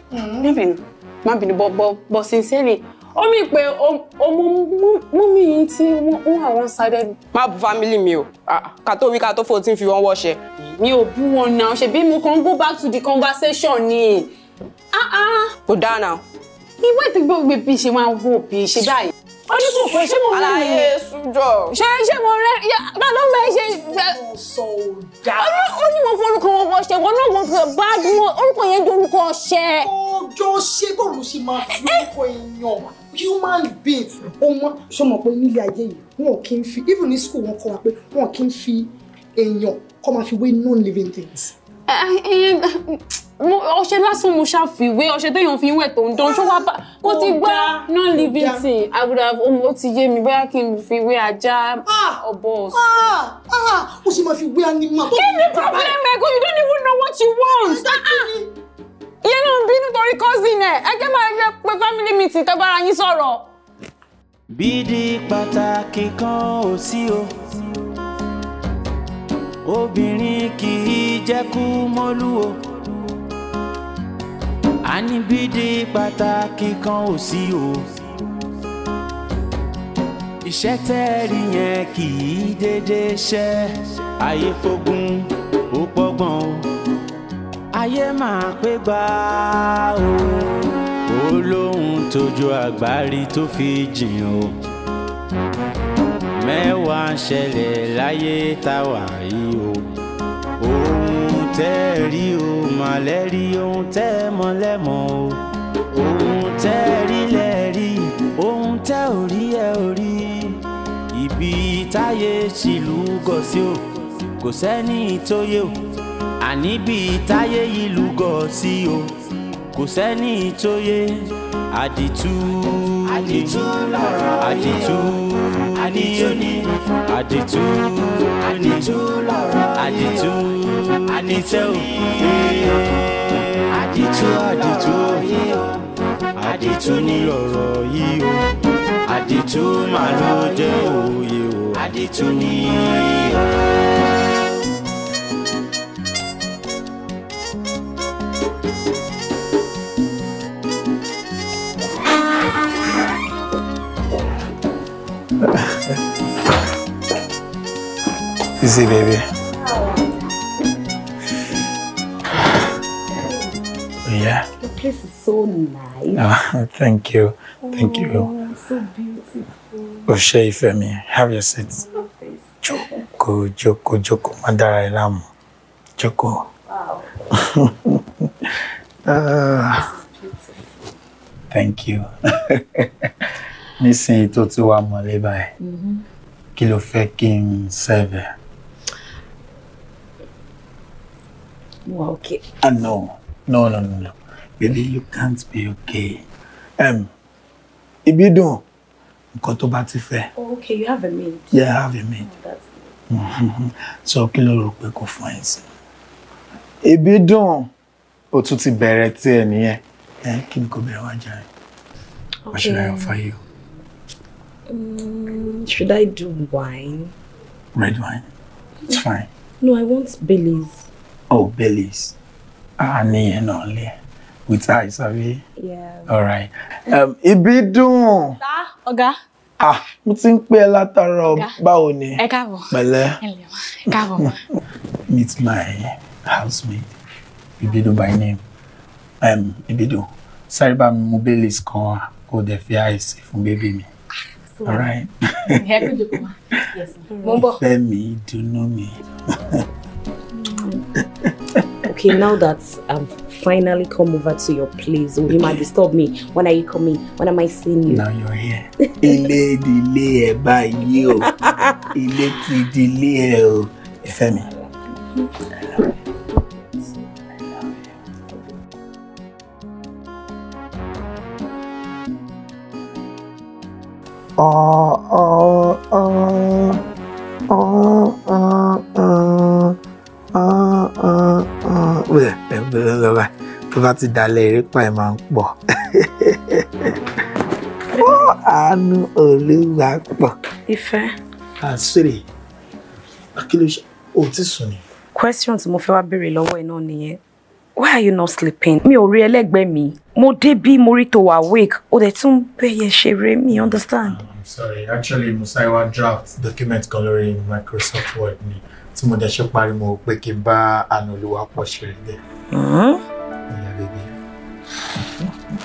Hmm, má bínú but but bọ sincerely ó mi pé ọmọ mọ́mí yìí tí wọ́n àwọn sáré. má bu family mi o ah, ká tó wí ká tó fò tí ń fi wọ́n wọ́ṣẹ. mi ò bú wọn náà ṣe bí mo kàn go back to the conversation ni. kò ah, ah. dáa náà. ìwé ìtìgbọ́ gbé bí ṣe máa wò bí ṣe báyìí oníkùnkùn ṣé mo rẹ́ ni ṣe ṣe mo rẹ́ ká ló mẹ́ ṣe. ó ní mo forúkọ wọn kọ ṣe wọn náà mo fẹ́ bá dúró orúkọ yẹn jẹ́ orúkọ ṣẹ. ọjọ́ ṣé bọ́ọ̀lù ṣe máa fi orúkọ èèyàn human being ọmọ ṣé mo pé nílé ayé yìí wọn ò kí n fi even ní school wọn kọ́ wa pé wọn ò kí n fi èèyàn kọ́ máa fi wé non living things. Eh, eh, eh, ọṣẹ lásán mo ṣàfiwé ọṣẹ téèyàn fi ń wẹ̀ tó ń dán ṣọwọ́ bá kó ti gbá ah, non living thing àgùdà ó ti yé mi bóyá kí n fi wé ajá ọ̀bọ ọ̀sán. o sì máa fi wé animal. kí ni problem ẹ go you don't even know what you want. Ah, ah. ìyẹn náà ń bí nítorí cousin ẹ ẹ jẹ́ máa rẹ pé family meeting tẹ́gbára yín sọ̀rọ̀. bídí pàtàkì kan ò sí o obìnrin kì í jẹ́ kú mọ́lú o àníbídé pàtàkì kan ò sí o iṣẹ́ tẹ́ẹ̀rí yẹn kì í dédé ṣẹ́ ayé pogun ó pọ́gbọ́n o ayé máa pé gbà o ó lóhun tójú àgbárí tó fi jìn o mẹ́wàá ń ṣẹlẹ̀ láyé táwa yìí o. Oh tẹ́ ẹ rí o màá lẹ́rí ohun tẹ́ ẹ mọ̀ o ohun tẹ́ ẹ rí ohun tẹ́ ò rí ẹ ò rí ibi táyé sílù gọ̀ sí o kò sẹ́ni tó yé o àníbi táyé yìí lù gọ̀ sí o kò sẹ́ni tó yé àdìtú àdìtú lọ̀rọ̀ àdìtú àdìtú ni àdìtú àdìtú lọ̀rọ̀ àdìtú àdìtú àdìtú àdìtú àdìtú ni lọ̀rọ̀ yìí o àdìtú màá ló jẹ́ òye o àdìtú ni. Easy, baby. Yeah. The place is so nice. Oh, thank you. Thank oh, you. So beautiful. Oshe Ifemi, have your seat. Jókòó, jókòó, jókòó. madara dára ẹ Wow. uh, thank you. Nísìnyí tó ti wá mọ́lé báyìí. Mm-hmm. Kí ló fẹ́ kí n serve? mo okay. ah no no no no no baby you can't be okay. Um, ibi dùn nǹkan tó bá ti fẹ́. Oh, okay you have a maid. yeah I have a maid. Oh, that's nice. so kí ló rò find something? If you don't, ibi dùn o tún ti bẹ̀rẹ̀ tiẹ̀ nìyẹn ẹ kí ni kò bẹ̀rẹ̀ okay. what should I offer you. Um, should I do wine? red wine it's fine. no I want Billy's. Oh, bellies, Ah, and only With eyes, you? Yeah. All right. Um, ibi dùn. Sá, ọ̀gá. Ah, mo ti ń pè é látàárọ̀ báwo ni? Ẹ káàbọ̀. Pẹ̀lẹ́. Ẹ káàbọ̀. Meet my housemate, Ibidu by name. Um, Ibidu, Sorry, bá mi bellies Billy's kan wá kó fi eyes fún baby mi. Ah, All right. Happy Jokoma. Yes. Mo ń bọ̀. Fẹ́mi, ìdùnnú mi. okay, now that I've finally come over to your place, will you might disturb me? When are you coming? When am I seeing you? Now you're here. Ilé ìdílé ẹ báyìí o. tó bá ti dalẹ̀ erépa ẹ̀ máa ń pọ̀ fún àánú olúwa pọ̀. ìfẹ́. àṣírí akílóṣe ò tí sùn ni. question tí mo fẹ́ wá béèrè lọ́wọ́ ẹ̀ náà nìyẹn why are you not sleeping? mi ò rí ẹlẹ́gbẹ̀ẹ́ mi mo dé bí mo rí tó wà awake ó dẹ̀ tún bẹ̀yẹ̀ ṣeré mi understand. Uh, I'm sorry actually Musaiwa draft document kan lórí Microsoft Word ni tí mo dẹ̀ ṣe pariwo pé kí n bá àna pọ̀ ṣe rí bẹ́ẹ̀. òun hmm?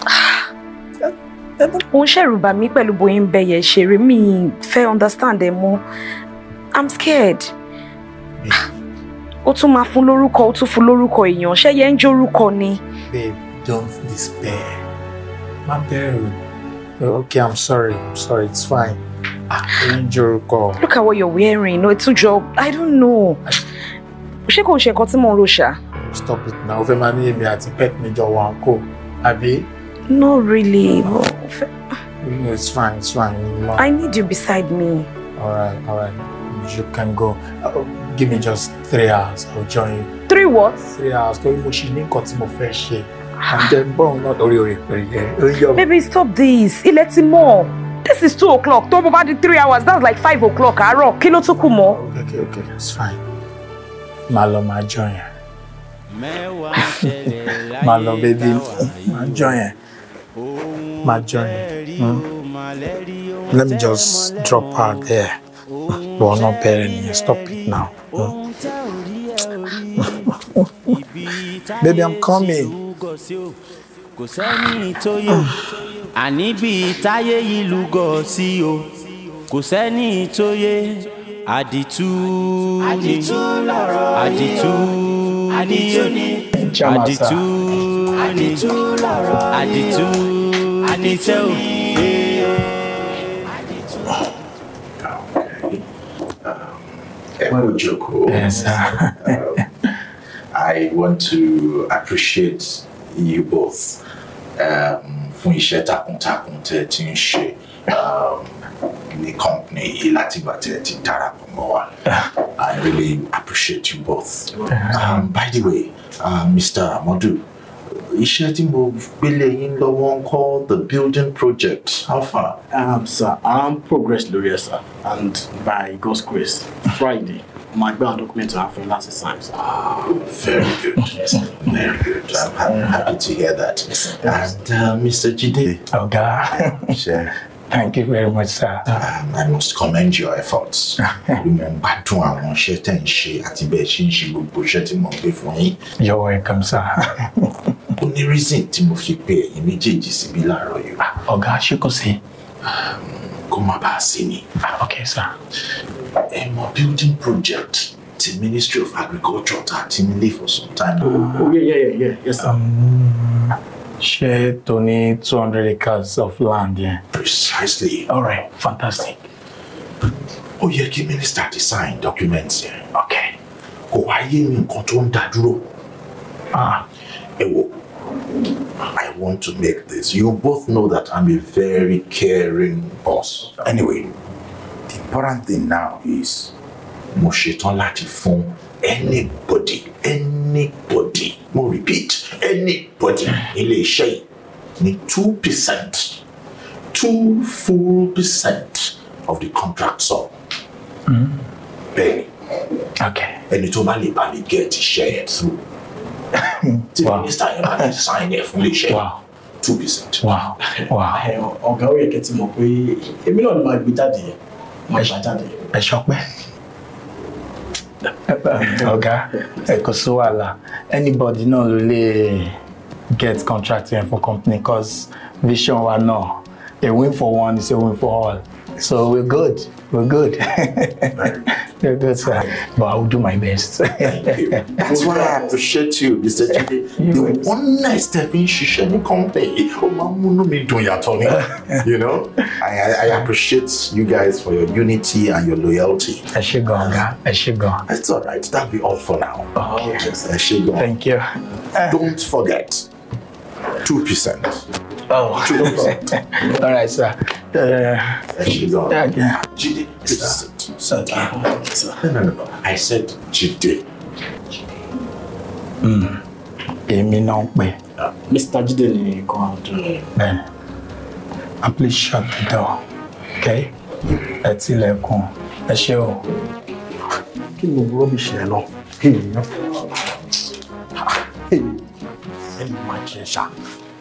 ah, ṣẹ̀rù bà mí pẹ̀lú bóyá ń bẹ̀yẹ̀ ṣeré mi fẹ́ understand ẹ̀ mọ́ i'm scared. Ah, ó tún máa fún lórúkọ ó tún fún lórúkọ èèyàn ṣẹ́yẹ ń jórúkọ ni. babe don't despair má bẹ̀rù. okay i'm sorry i'm sorry it's fine. Àkínjorúkọ. Look at what you're wearing. No, it's too job. I don't know. Ṣé kò ṣe nǹkan tí mò ń ro Stop it now. O fẹ́ máa at èmi pet me jọ wọn kò, àbí? No really. Mm, it's fine, it's fine. I need you beside me. All right, all right. You can go. Uh, give me just three hours. I'll join you. Three what? Three hours. Torí mo ṣì ní nǹkan tí mo fẹ́ ṣe. And then bọ́ọ̀ náà lórí Baby, stop this. lets him more this is two o'clock tó bó the three hours that's like five o'clock I rock. ló tún kù mọ́. okay okay it's fine Malo, lọ máa Malo, baby, máa lọ bébí máa jọ hmm? let me just drop her there but no parent stop it now. Mm. Baby, I'm coming kò sẹ́ni tó yẹ àní bíi táyé yìí lúgọ sí o kò sẹ́ni tó yẹ àdìtú ni àdìtú ni àdìtú ni àdìtú ni tẹ́ o. ẹ má lọ jókòó. I want to appreciate you both um, fún iṣẹ́ takuntakun tẹ́ ti ń ṣe um, ní company yìí látìgbà tẹ́ ti darapọ̀ mọ́ wa I really appreciate you both um, by the way uh, Mr. Amodu iṣẹ́ tí mo gbélé yín lọ́wọ́ ń kọ́ the building project how far. Um, sir, I'm progress lórí ẹ̀ sir and by God's grace Friday my ground document are for last times. Ah, very good. very good. I'm, I'm happy to hear that. Yes, And uh, Mr. Jide. God. Sure. Thank you very much, sir. Um, I must commend your efforts. Mo ń gbádùn àwọn iṣẹ́ tẹ̀ ń she àti bẹ́ẹ̀ ṣe ń ṣe gbogbo You're welcome, sir. Only reason tí mo fi pe immediately méjèèjì síbí láàárọ̀ yìí. Ọ̀gá ah, ṣé kò sí? kó má bàa sí ni. Ah, ok sir. ẹ mọ building project ti ministry of agriculture ta ti nílé for some time. Uh, oh yeah yeah yeah yeah yes sir. Um, ṣé tó ní two hundred acres of land yẹn. Yeah. precisely. all right fantastic. ó yẹ kí minister ti sign documents yẹn. Yeah. ok. kò wáyé mi nǹkan tó ń dá dúró. Ah. ẹ wò I want to make this. You both know that I'm a very caring boss. Anyway, the important thing now is mo ṣetán láti fún anybody anybody mo repeat anybody ilé iṣẹ́ yìí ní two percent two full percent of the contract sum. Mm. Bẹ́ẹ̀ni, ẹni tó bá lè bá mi get shared through tí mínísítà yẹn bá ti sáyìn ẹ̀ fún iléeṣẹ́ two percent. ọ̀gá ó yẹ kẹ́ ti mọ̀ pé èmi náà ni màá gbé jáde yẹn màá gbà jáde yẹn. ẹ ṣọpẹ́ ọ̀gá ẹ kò sí wàhálà anybody náà ló lè get contract yẹn fún company cause vision wa náà a win for one is a win for all. So we're good. We're good. we're good, sir. But I'll do my best. That's why I appreciate you, Mr. Jide. The one nice Oh, me doing your Company. You know, I, I appreciate you guys for your unity and your loyalty. I should go, I should go. It's all right. That'll be all for now. Oh Yes, I should go. Thank you. Don't forget, 2%. Oh, all right, sir. Uh, yeah. Jide. Sir. Okay. No, no, no. I said Jide. Hmm. Èmi náà ń Mr. Jide ni kan àdúrà. Ben, I please shut the door, okay? Ẹ tilẹ̀kùn, ẹ ṣé o. Kí ni mo rọ́bìṣì ẹ hey, hey, Ẹ má jẹ ṣá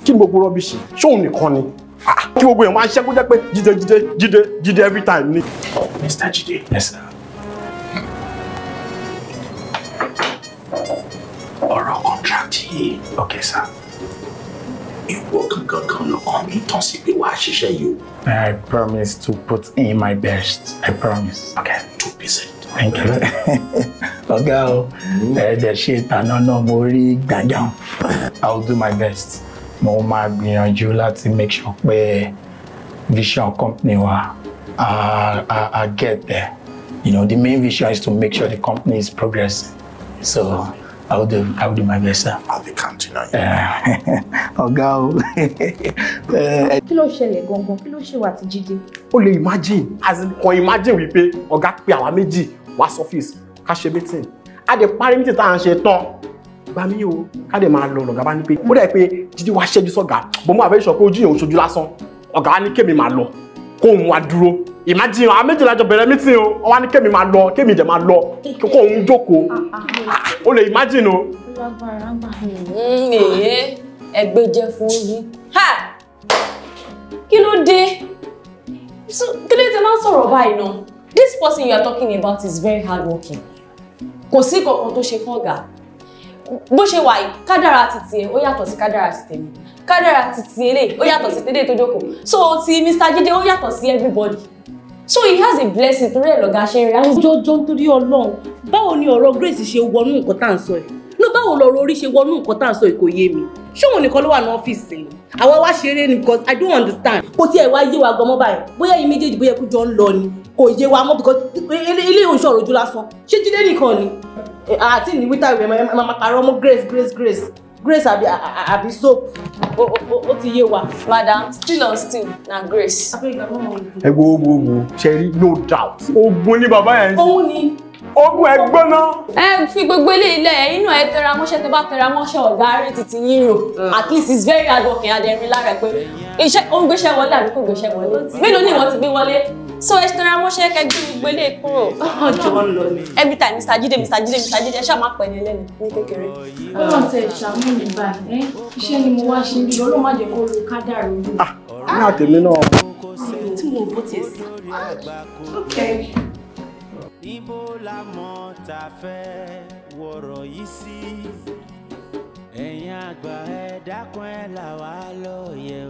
kí gbogbo rọ́bìṣì ṣóun nìkan ni ah, kí gbogbo èèyàn máa ṣiṣẹ́ kó jẹ́ pé jíde jíde jíde jíde every time ni. Mr. Jide yes sir. ọ̀rọ̀ contract yìí ok sir ìwọ kankan kan lọkàn mi tán sí pé wàá ṣiṣẹ́ yìí o. I promise to put in my best I promise. okay two percent. thank you ọ̀gá o mm-hmm. ẹ̀ẹ́dẹ̀ ṣe ìtànà náà mo rí gbàgbọ́n I will do my best mo máa gbìyànjú láti make sure pé vision company wa I get there you know the main vision is to make sure the company is progressing so I will do I will do my best I I'll be counting on you. Eh, ọ̀gá o. Eh, kí ló ṣẹlẹ̀ gangan kí ló ṣe wà tí jíde. o lè imagine as in kan imagine wípé ọ̀gá pe àwa méjì wá sọ́fíìsì ká ṣe meeting a dẹ̀ parí meeting tá à ń ṣe tán gbà mí o ká dẹ̀ máa lọ lọ̀gá bá ní pé ó dẹ̀ pé jíjí wá ṣẹ́jú sọ̀gá bọ́ mú àfẹ́sọ̀ pé ojú yẹn ò ṣojú lásán ọ̀gá wa ní kémi máa lọ kó òun wá dúró ìmájì àwọn méjìlá jọ bẹ̀rẹ̀ mítìn o wá ní kémi máa lọ kémi dẹ̀ máa lọ kó òun jókòó ó lè ìmájì o. ẹgbẹ́ jẹ́ fún yín kí ló dé kí ló dé máa ń sọ̀rọ̀ báyìí náà this person you are talking about is very hardworking kò sí kankan tó ṣe fún ọ̀gá bó ṣe wà yìí kádàrà ti tiẹ̀ ó yàtọ̀ sí kádàrà ti tèmi kádàrà ti ti eré ó yàtọ̀ sí tẹ́lẹ̀ tó jókòó so ti Mr. Jide ó yàtọ̀ sí everybody so he has a blessing torí ẹ̀ lọ́gà ṣe rí. jọjọ nítorí Ọlọ́run báwo ni ọ̀rọ̀ Grace ṣe wọnú nǹkan tá à ń sọ yìí ló báwo lọ̀rọ̀ orí ṣe wọnú nǹkan tá à ń sọ èkó yé mi ṣé òun nìkan ló wà ní ọ́fíìsì ni àwa wá ṣeré ni because i don't understand kò tiẹ̀ wá yé wa gan mọ́ báyìí bóyá yìí méjèèjì bóyá ikú jọ ń lọ ni kò yé wa mọ́ because ilé ìhòòṣù ọ̀rọ̀ ojú lásán ṣé jíde nìkan ni àti ní wíta ìwé máa parọ́ mọ́ grace grace grace grace àbí àbí soap ó ti yé wa. madam still on still na grace. ẹ wo wo wo ṣe rí no doubt ogun ni bàbá yẹn. òun ni ogun ẹ gbóná. ẹ fi gbogbo ilé ilẹ̀ inú ẹ tẹra mọ́ṣẹ́ tó bá tẹra mọ́ṣẹ́ ọ̀gá rí títí yíyan mm. at least it's very hard working adẹ́rin lára pé iṣẹ́ ó ń gbéṣẹ́ wọlé àbí kò gbéṣẹ́ wọlé mélòó ni wọ́n ti gbé wọlé so ẹ tẹra mọ́ṣẹ́ kẹgbẹ́ gbogbo ilé kúrò. every time Mr. Jide Mr. Jide Mr. Jide ẹ ṣáà máa pẹ̀ ní ẹlẹ́ni ní kékeré. ọlọ́run tẹ ìṣàmú mi báyìí iṣẹ́ ni mo wá ṣe bí ọlọ́run má jẹ́ kó lu kádàrú ah, mi. ní àtẹ̀mí náà. tí mo bó ti ẹ̀ sí. okay níbo la mọ̀ tá a fẹ́ yìí sí ẹ̀yin àgbà ẹ dákun ẹ là wá lóye o.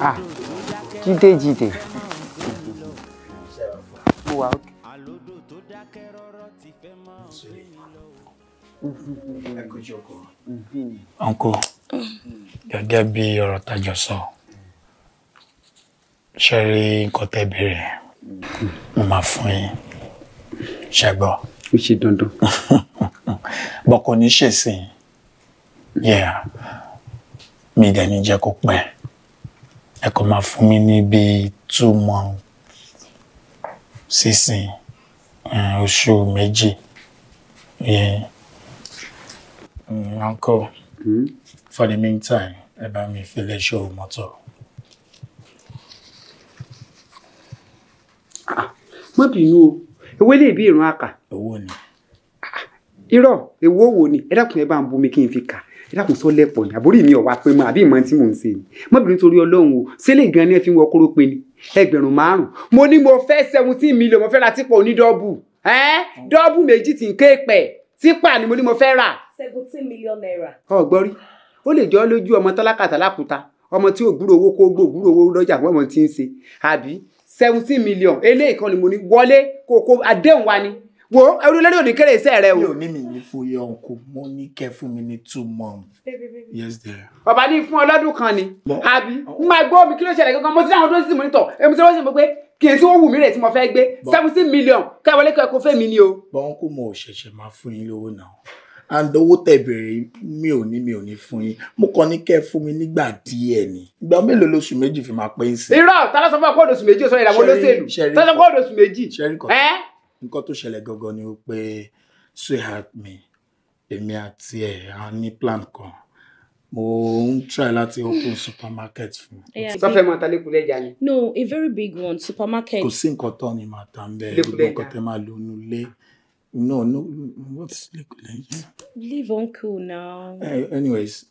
ah jíde jíde mo wà ókè. àlódò tó dákẹ́ rọ́rọ́ ti fẹ́ bí ọ̀rọ̀ tájọ sọ ṣe rí nǹkan tẹ́ bẹ̀rẹ̀ mo máa fún yín ṣẹgbọ́. ó ṣe dandan. bọ́ kò ní ṣèṣin mi dẹ̀ ní jẹ́ kó pẹ́ ẹ kò máa fún mi ní bíi two months sísìn eh, oṣù méjì mm, uncle hmm? for the meantime ẹ bá mi fi lè ṣòwò mọ́tò. Ah, má bínú o ewé lè bí ìrún àkà. owó ni. Ah, irọ́ ewo wo ni ẹ dákun ẹ bá ń bomi kí n fi kà ẹ dákun sọ lẹ́pọ̀ ní àbórí mi ọ̀wá pé mọ àbí ìmọ̀ tí mò ń ṣe ni má bínú torí ọlọ́run o sílẹ̀ gan ni ẹ fi wọ kóró pe ni ẹgbẹ̀rún márùn mo ní mo fẹ́ seventeen million mo fẹ́ ra típọ̀ onídọ́ọ̀bù dọ́ọ̀bù méjì tí ń ké pẹ̀ típà ni mo ní mo fẹ́ rà. seventeen million naira. ọ gbọ́ rí ó lè jọ lójú ọmọ tọ́lákàtà lákùúta ọmọ tí ò gbúrò owó kó gbòògbúrò owó lọ́jà fún ọmọ tí ń ṣe àbí seventeen million eléyìí kan ni mo ní wọlé kò kò àdéhùn wa ni wo ẹrú lórí òní kéré iṣẹ́ rẹ o. mi ò ní mi ní fún iye ọ̀nkò mo ní kẹ́ fún mi ní two months. yes there. bàbá ní fún ọlọ́dún kan ni àbí n máa gbọ́ mi kí ló ṣẹlẹ̀ gangan mo ti dáhùn tó sì mú nítọ̀ èmi tí wọ́n sì mú pé kì í sí wọ́n wù mí rẹ̀ tí mo fẹ́ gbé seventeen million káwọlé kẹ́kọ̀ọ́ fẹ́ mi ni o. bọ́n kò mọ̀ òṣèṣe máa fún yín lówó náà and owó tẹ̀ bèrè mi ò ní mi ò ní fún yín mo kàn ní kẹ́ fún mi nígbà díẹ̀ ni ìgbà mélòó lóṣù méjì fi máa pẹ́ ń sìn. irọ́ tálá sọ fún ọ kóòdù méjì sọ ìràwọ̀ olóṣèlú tálá sọ kóòdù oṣù méjì. nǹkan tó ṣẹlẹ̀ gangan ni pé sweetheart me èmi àti ẹ̀ a ní plan kan mo ń try láti open supermarket fún. sọfẹ máa ta lẹkùn lẹjà ni. no a very big one supermarket. kò sí nǹkan tó ni màá ta ń bẹ́ẹ̀ gbogbo nǹkan tẹ máa lò nulẹ̀. No, no. What's liquid? Leave uncle now. Hey, eh, anyways,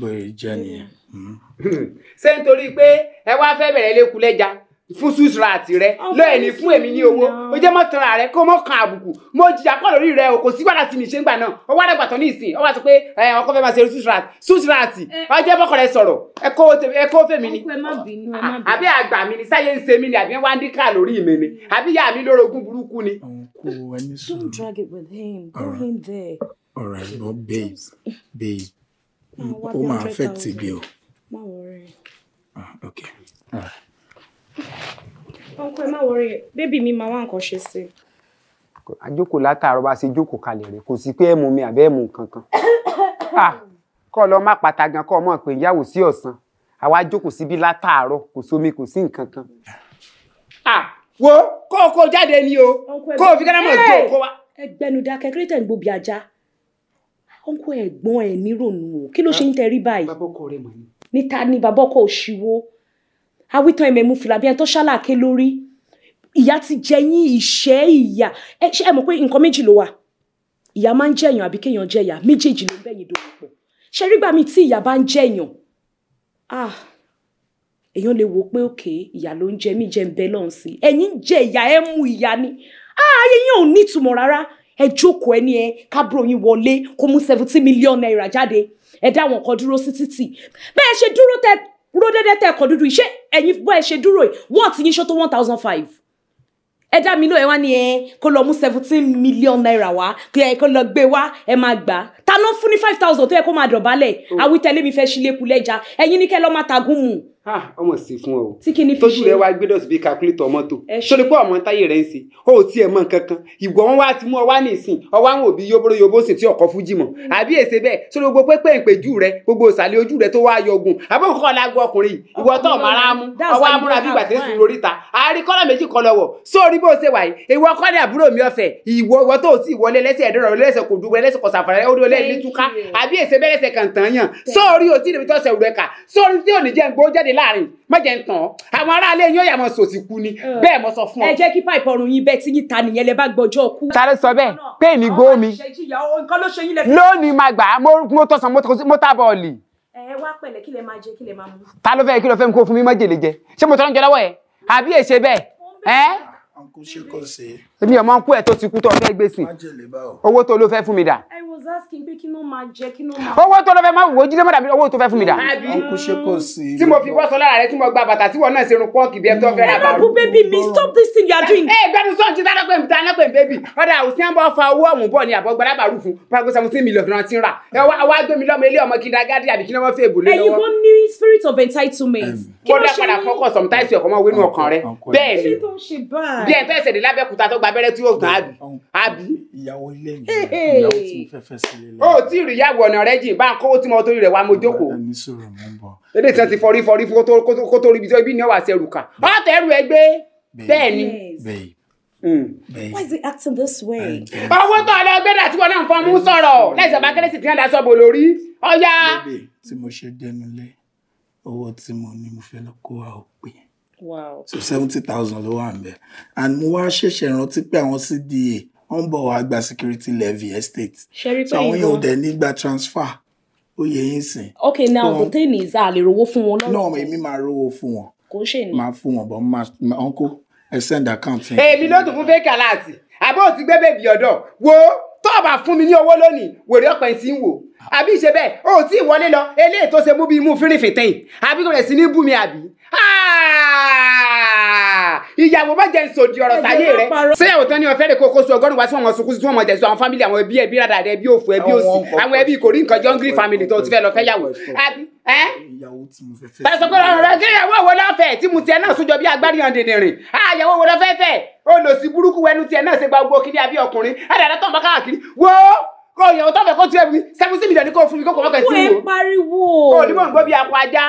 bẹ̀rẹ̀ ìjà nìyẹn. Hmm. Ṣé nítorí I want to fẹ́ a little lẹ́ja? fún sùsùrà rẹ lọ́ọ̀ ní fún èmi ní owó ó jẹ́ mọ́ rẹ kó mọ́ kan àbùkù mo jìyà pọ̀ lórí rẹ o kò sí wàhálà tí mi ṣe ń gbà náà ó wá dàgbà ní ìsìn ó wá pé ẹ ọkọ fẹ́ máa ṣe sùsùrà àti sùsùrà àti ó jẹ́ bọ́kọ̀ rẹ sọ̀rọ̀ ẹ kó fẹ́ ni àbí àgbà mi ni sáyé ń ṣe mi ni àbí wá ń dín ká lórí mi ni àbí ìyá mi lórogún burúkú ni. Don't drag it with him. Go right. there. All right, but babe, babe, ó máa affect ibi Ah, okay. Ọkọ ẹ má wọrí, bébì mi máa wá nǹkan ṣe sí i. Àjókòó látàárọ̀ bá ṣe jókòó kalẹ̀ rẹ̀, kò sí pé ẹ mú mi àbẹ́ mú nǹkan kan. Ah, kọ́ lọ má pàtà gan kọ́ ọmọ pé ìyàwó sí ọ̀sán. Àwa jókòó síbí látàárọ̀, kò sómi kò sí nǹkan kan. Ah, wo kó o kó jáde ni o, kó o fi kẹ́lá mọ̀ sí òkó wa. Ẹgbẹ́nu dákẹ́ kí ló tẹ̀ ń gbóbi ajá? Ọkọ ẹ̀gbọ́n ẹ̀ nírònú o, ni. Níta ni bàbá awitan ẹ̀mẹ̀mú fìlà bí ẹni tó ṣáláàké lórí ìyá ti jẹ yín ìṣẹ́ ìyá ẹ ṣe ẹ mọ̀ pé nǹkan méjì ló wà ìyá máa ń jẹ̀yàn àbí kéèyàn jẹ̀yà méjèèjì ló ń bẹ̀yìn dòwò pọ̀ ṣe rí gbà mí tí ìyá bá ń jẹ̀yàn ah èèyàn lè wò pé òkè ìyá ló ń jẹ mí jẹ ń bẹ lọ́hùn sí ẹ̀yin ń jẹ ìyá ẹ mú ni ah, ayé yín ò nítumọ̀ rárá ẹ jókòó ẹni ẹ kábúrò yín wọlé kó mú seventeen million naira jáde ẹ dá wọn kan dúró sí títì bẹ́ẹ̀ ṣe dúró tẹ ró dédé tẹ ẹkọ dúdú ṣé ẹ̀yin bọ́ ẹ ṣe dúró yìí wọ́ọ̀tì yín ṣó tó one thousand five ẹ dá mi ló ẹ wá ní ẹ kó lọ mú seventeen million naira wá kó lọ gbé wá ẹ máa gbà ta ló fún ní five thousand tó yẹ kó máa dọ̀bálẹ̀ awítẹ́lẹ́mi oh. fẹ́ ṣílẹ̀kùn lẹ́ja ẹ̀yin ní kẹ́ lọ́ọ́ máa tagún mu. ọmọ sì fún ọ tójú rẹ wá gbé dọ̀sí bíi calculator mọ́tò sórí pé ọmọ táyé rẹ ń ṣe ó ti ẹ̀ mọ̀ nǹkan kan ìgbà wọn wá ti mú ọ wá ní ìsìn ọwọ́ àwọn òbí yóbóró yóbó sì tí ọkọ̀ fújì mọ̀ mm. àbí èsè bẹ́ẹ̀ sórí gbogbo pé ìpèjú rẹ gbogbo ìsàlẹ̀ ojú rẹ tó wá yọgùn àbọ̀kọ́ ọ̀làgbọ ọkùnrin ìwọ tó ọmọ ara mú ọwọ́ amúra bí gbàtẹ́ sí lórí ta àárí kọ́lọ̀ méjì kọ́ lọ́wọ́ sórí bó ṣe wà yìí ìwọ kọ́ni àbúrò mi ọ̀fẹ́ ìwọ tó ò sì wọlé lẹ́sẹ̀ ẹ̀dọ́rọ̀ lẹ́sẹ̀ kò dúró lẹ́sẹ̀ kọ̀sàfàrà ó dúró lẹ́ bẹ́ẹ̀ ní túká àbí èsè bẹ́ẹ̀ lẹ́sẹ̀ kàn tán yàn sóòrí òtí níbi tó ṣẹ̀wù rẹ̀ kà sóòrí tí ò ní jẹ́ gbó jáde láàrin mọ̀jẹ̀ ń tàn àwọn aráalé yóò yà mọ̀ sòsì kú ni bẹ́ẹ̀ mo sọ fún ọ. ẹ jẹ́ kí pipe ọrùn yín bẹ́ẹ̀ tí yín ta nìyẹn lẹ bá gbọ́jọ́ kú. ta ló sọ bẹ́ẹ̀ pé èmi gbó mi lónìí máa gbà mo tọ̀sán mo tábọ̀ọ̀lì. ẹ wá pẹ̀lẹ́ kí lẹ máa jẹ kí lẹ máa mú. ta ló fẹ́ kí lọ fẹ́ mi kó mo tọ́ lọ́njẹ lọ́wọ́ ẹ̀ àbí èṣe bẹ́ẹ̀ èmi ọmọ ń kú ẹ tó ti kú tó fẹ́ gbèsè owó tó ló fẹ́ fún mi dà was asking pé kí ló máa jẹ kí ló máa. owó tó lọ fẹ́ máa wò ó jílé mọ́dàbí owó tó fẹ́ fún mi dà. ọkùn ṣe kò sí. tí mo fi wọ́sọ lára rẹ tí mo gba bàtà tí wọn náà ṣe irun pọ́ọ̀kì bí ẹ tó fẹ́ ra bàrú. ẹ̀rọ baby mi stop this thing you are doing. ẹ gbẹnu sọ jí dáná pé mi dáná pé mi bébì ọ̀dà òsín àbọ̀ fa owó ọ̀hún bọ̀ ni àbọ̀ gbadá bàrú fún pago seventeen million náà ti ń rà ẹ wá gbé mi lọ́mọ ilé ọmọ kindergarten àbí kí ni wọ́n fẹ́ èbò lé lọ́wọ́. ẹ̀yin wọn ní spirit of entitlement. kó dá padà fọ́kọ̀ sometimes ọkọ̀ mọ́ wínú ọkàn rẹ bẹ́ẹ̀ ni bí ẹ tẹ́sẹ̀ dé lábẹ́kúta tó gba abẹ́rẹ́ tí yóò gbà á bì á bì. ìyàwó ilé mi ìyàwó tí mo fẹ́ fẹ́ ó tí ì ríyàwó ọ̀nà rẹ jìn bá ń kówó tí mo torí rẹ̀ wá mo jókòó. ẹni sọ̀rọ̀ mo ń bọ̀. lédè tí wọ́n ti fọrí fọrí kó tó rí ibi tí ibi ni ó wà sí ẹrù kà. ọ̀tẹ̀ ẹrù ẹ gbé bẹ́ẹ̀ ni. Hmm. Why is he acting this way? owó tó ọlọ gbẹ́dà tí wọn náà ń fọ́n mú sọ̀rọ̀ lẹ́sẹ̀ bá kérésì tí wọ́n da sọ́bù lórí ọ̀yá. bébè tí mo ṣe dẹnu lé owó tí mo ní Wow. so seventy thousand ló wà and mo wá ṣẹ̀ṣẹ̀ wọ́n ń bọ̀ wá gba security levy estate. ṣẹ́rí pé ìgbọ́n àwọn yóò dẹ̀ nígbà transfer ó yẹ yín sìn. ok now the thing is a lè rówó fún wọn lọ́wọ́. náà èmi máa rówó fún wọn. kò ṣe ní. máa fún wọn bọ́ máa ọ̀nkó ẹ send account. èmi ló tún fún fake alert àbọ̀ òsì gbé bèbí ọ̀dọ̀ wo tó o bá fún mi ní owó lónìí wèrè ọ̀pẹ̀ ti ń wò àbí ṣe bẹ́ẹ̀ o tí ìwọlé lọ eléyìí tó ṣe mú bí imú fínrìfìtì àbí kò rẹ̀ sí ní bùnmi àbí. Ah! ìyàwó má jẹ́ nsòdì ọ̀rọ̀ sáyé rẹ̀ sẹ́yàwó tán ni ọ̀fẹ́ rẹ̀ kókó sun ọgọ́rùn-ún wá sí wọn sunkún sí wọn mọ̀jẹ̀ sọ àwọn fámìlì àwọn ẹbí ẹbí rádà ẹbí òfò ẹbí òsì àwọn ẹbí kò rí nǹkan jọ hungry family tó ti fẹ́ lọ fẹ́ yàwó àbí. tẹ̀sán pé ọ̀rọ̀ rẹ̀ kíyàwó wo lọ́fẹ̀ẹ́ tí mo tiẹ̀ náà sójọ bí agbárí hàn dèdèrìn àyàwó ah, wo lọ́fẹ̀ẹ́ fẹ́ olòṣì burúkú wẹnu tiẹ̀ náà ṣe gba gbogbo kiri àbí ọkùnrin àdàdà tó ń bá káàkiri wọ́ọ́ kọ ìyàwó tó fẹ́ kó tiẹ̀ mi seventeen million ní kò fún mi kó kò wọ́pẹ̀ sí wo. kò é pariwo. o ní mò ń gbọ́ bí akọ ajá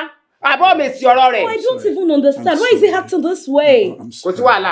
mi sí ọ̀rọ̀ rẹ̀. Oh, I don't even understand why is it acting this way. kò sí wàhálà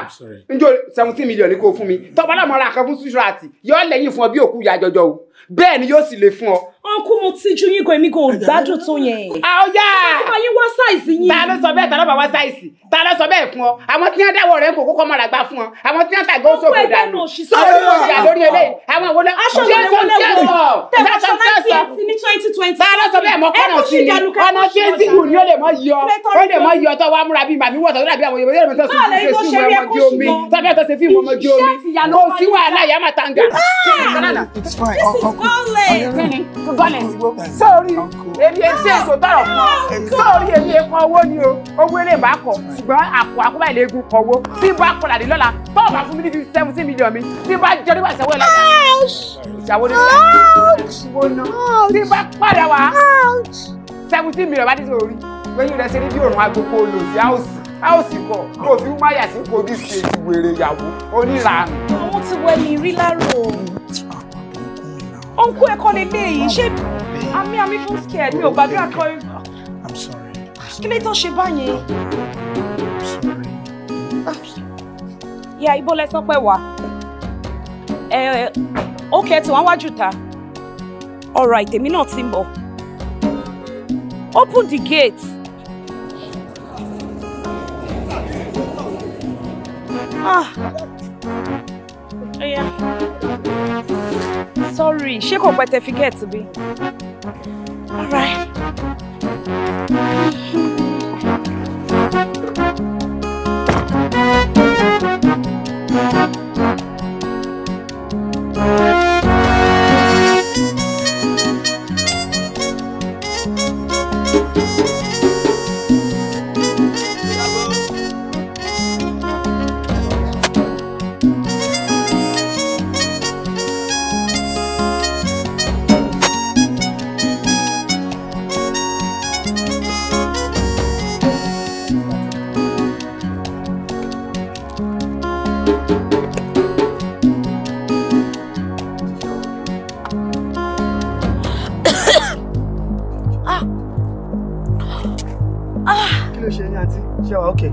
njó seventeen million ní kò fún mi tọ́pọ̀ náà mọ̀ra àkànfún sùúrù àti yọ lẹ́yìn fún ọ bí òkú ìyá jọjọ o bẹ́ẹ̀ ni yóò sì lè fún ọ ọ̀nkú mo ti ju yín gan èmi gan ò gbádùn tó yẹn. àọ̀yá ah, ọmọ yín wá sáìsì yín. ta ló sọ bẹ́ẹ̀ ta ló bá wá sáìsì ta ló sọ bẹ́ẹ̀ fún ọ àwọn tí wọ́n dáwọ́ rẹ̀ kò kókó mọ́ra gbá fún ọ àwọn tí wọ́n tàgbọ́ sóko dànù sọ̀rọ̀ ló ń jà lórí ẹlẹ́ àwọn òwò lọ. aṣọ ìwé wọlé wò tẹ̀sán náà ti ní twenty twenty. ta ló sọ bẹ́ẹ̀ mọ kọ́nà sí i ọ̀nà tí èsì wù ni ó lè mọ yọ ó lè mọ yọ tó wá múra bíi màmí wọ̀tọ̀ lórí àbí àwọn yorùbá yóò tó ṣe fíìmù ọmọdé omi tàbí ọ̀tọ̀ ṣe fíìmù ọmọdé omi kò sí wàhálà yàmà tanga. Ah! It's fine. This is balẹ̀ sí wo sórí èmi èsì èso tọrọ fún ọ sórí èmi èkó owó ni o owó eré bá kọ ṣùgbọ́n àpò àkóbá ilé egun kọ owó tí bá kọlà dé lọ́la tó bá fún mi ní fifty seventeen million mi tí bá jẹ́ nígbà ìṣàwó ìlànà ìṣàwó ní ìṣàwó tí bá padà wá seventeen million bá dé sórí lóyún rẹ̀ ṣe ní bí òrùn agbóko olòsì áòsì áòsì kọ̀ kò fi máyà sí kogi ṣe ìwèrè ìyàwó onírànù. àwọn ti wẹ̀ ní rí lárò ọ̀nkú ẹ̀kọ́ lè lé àmì àmì fún scared mi ò gbàdúrà kọ́ I'm sorry. kí lè tán ṣe báyìí. ìyá ibo lẹ sọ pé wà ẹ ó kẹ́ tí wọ́n wájú ta ọ̀rọ̀ àìtèmi náà ti ń bọ̀ open the gate. Ah sorry ṣé kò pẹ́ tẹ fi gẹ̀ẹ́tì bí. all right. ṣé wà okay.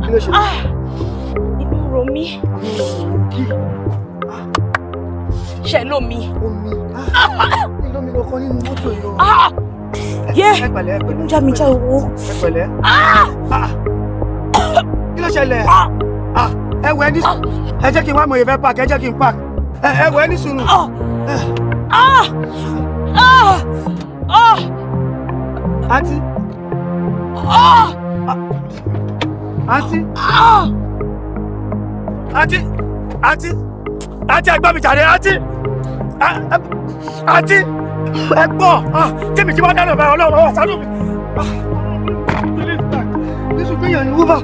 kí ló ṣe lọ. inú ro mí. ṣe lómi. omi lómi lọkọ nínú mọ́tò yìí o. Ah! yé inú já mi já owó. ẹ pẹ̀lẹ́. Ah! Ah! kí ló ṣẹlẹ̀ ẹ wẹ ní ẹ jẹ́ kí n wá mọ̀ yẹn fẹ́ park ẹ jẹ́ kí n park ẹ wẹ ní sùúrù. Eh àǹtí. àǹtí. àǹtí. àǹtí. àǹtí ẹ gbà mí jàre àǹtí. àǹtí ẹ gbọ́ ah, ah, tèmi tí wọ́n dáná bá ọlọ́run ọ̀hún sálọ mi. Nísù gbé yàn ní Uber.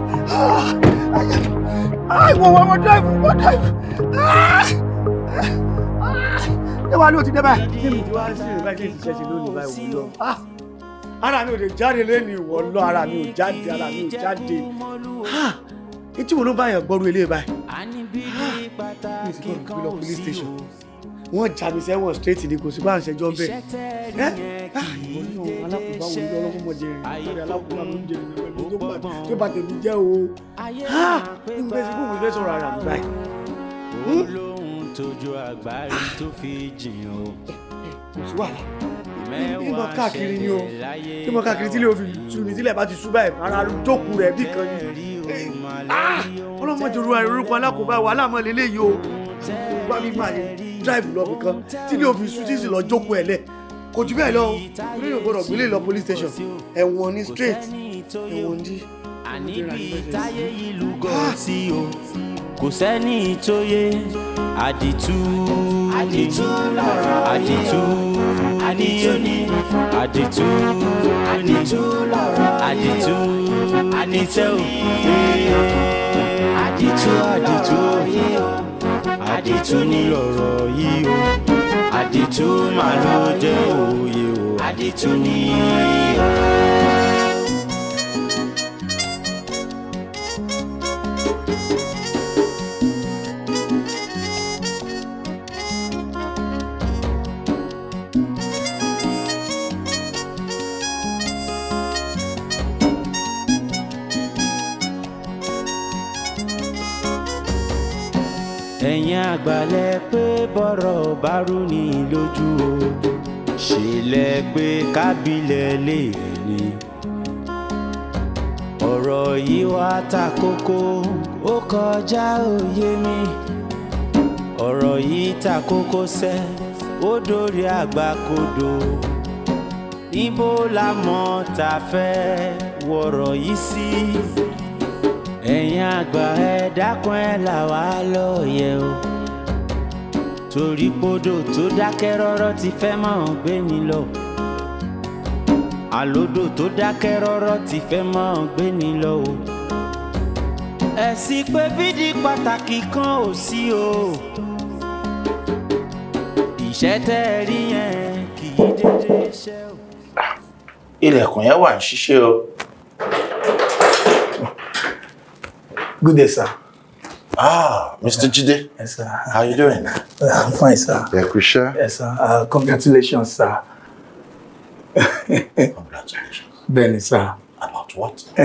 Àìwọ̀ wọ̀ wọ̀ dráìfù wọ̀ dráìfù. Ẹ wá ló ti dé báyìí. Kí ni tí wàá ṣe ìbáṣe ìṣẹ̀ṣẹ̀ lónìí báyìí wúlò? ara mi ò lè jáde lẹ́nu ìwọ lọ ara mi ò jáde ara mi ò jáde etí wo ló bá yàn gbọ́rú ilé báyìí mi sì kọ́ mi lọ police station wọ́n já mi sẹ́wọ̀n straight ni kò sí bá ń ṣẹjọ́ bẹ́ẹ̀ ẹ́ ìwọ ní ọ̀hún alákòóbá wo ní ọlọ́kùn mọ̀ jẹrìn lórí alákòóbá mi ń jẹrìn pẹ̀lú tó bá tó bá tẹ̀lé jẹ́ o ní mo fẹ́ sọ fún mi fẹ́ sọ̀rọ̀ ara mi báyìí. olóhùn tójú àgbáyé tó fi jìn o. kò sí wàhálà bí mo káàkiri ni o bí mo káàkiri tílé òfin tu ní tílé bá ti sú báyìí ara jókòó rẹ̀ bí kan ni eh, ah! ọlọ́mọdé olúwa orúkọ alákòóbá wa aláàmọ́ lélẹ́yìí o wá mi máa yẹ drive lọ nìkan tílé òfin sú tí sì lọ jókòó ẹ̀ lẹ̀ kò jù bẹ́ẹ̀ lọ ilé yóò gbọ́dọ̀ gbélé lọ police station ẹ̀wọ̀n ni straight ẹ̀wọ̀n ni. àníbi táyé ìlú gọ̀ọ́sì ah! o kò sẹ́ni tó yé àdìtú àdìtú lọ̀rọ̀ àdìtú àdìtú ni àdìtú àdìtú lọ̀rọ̀ àdìtú àdìtú àdìtú àdìtú àdìtú ni lọ̀rọ̀ yìí o àdìtú màá ló jẹ́ òye o àdìtú ni. ẹ̀yin àgbàlẹ̀ pé bọ́rọ̀ bá rú ni lójú o ṣẹlẹ̀ pé kábílẹ̀ lè ní. ọ̀rọ̀ yìí wá ta kókó ó kọjá òye mi ọ̀rọ̀ yìí ta kókó sẹ́ ó dórí àgbàkodò ibo la mọ̀ tá fẹ́ wọ̀rọ̀ yìí sí. Si ẹ̀yin àgbà ẹ dákun ẹ là lóye o torí podò tó dákẹ́ rọ́rọ́ ti fẹ́ máa gbé ni lọ àlódò tó dákẹ́ rọ́rọ́ ti fẹ́ máa gbé ni lọ o ẹ̀sìn pé bídìí pàtàkì kan ò sí o iṣẹ́ tẹ́ ẹ rí yẹn kì í dédé iṣẹ́ o. Ah, ilẹ̀kùn yẹn wà ń ṣiṣẹ́ o. Good day, sir. Ah, Mr. Yeah. Jide. Yes, sir. How are you doing? Uh, I'm fine, sir. Yeah, Kusha. Yes, sir. Uh, congratulations, sir. congratulations. Bẹ́ẹ̀ni, sir. About what?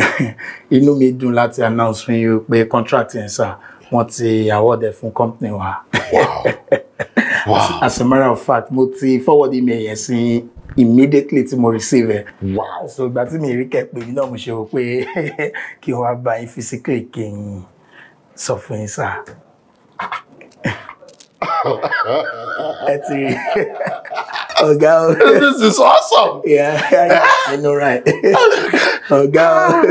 Inú mi dùn láti announce fún you pé contracting, yẹn, sir, wọ́n ti award ẹ̀ fún company wa. Wow. Wow. As, as a matter of fact, mo ti forward email yẹn sí immediately tí mo receive wow so ìgbà tí mi rí kẹ́pẹ́ mi náà mo ṣe rò pé kí wọ́n á bá yín physically kí n sọ fún yín sá. ẹ this is awesome. yeah i know right. ọ̀gá o.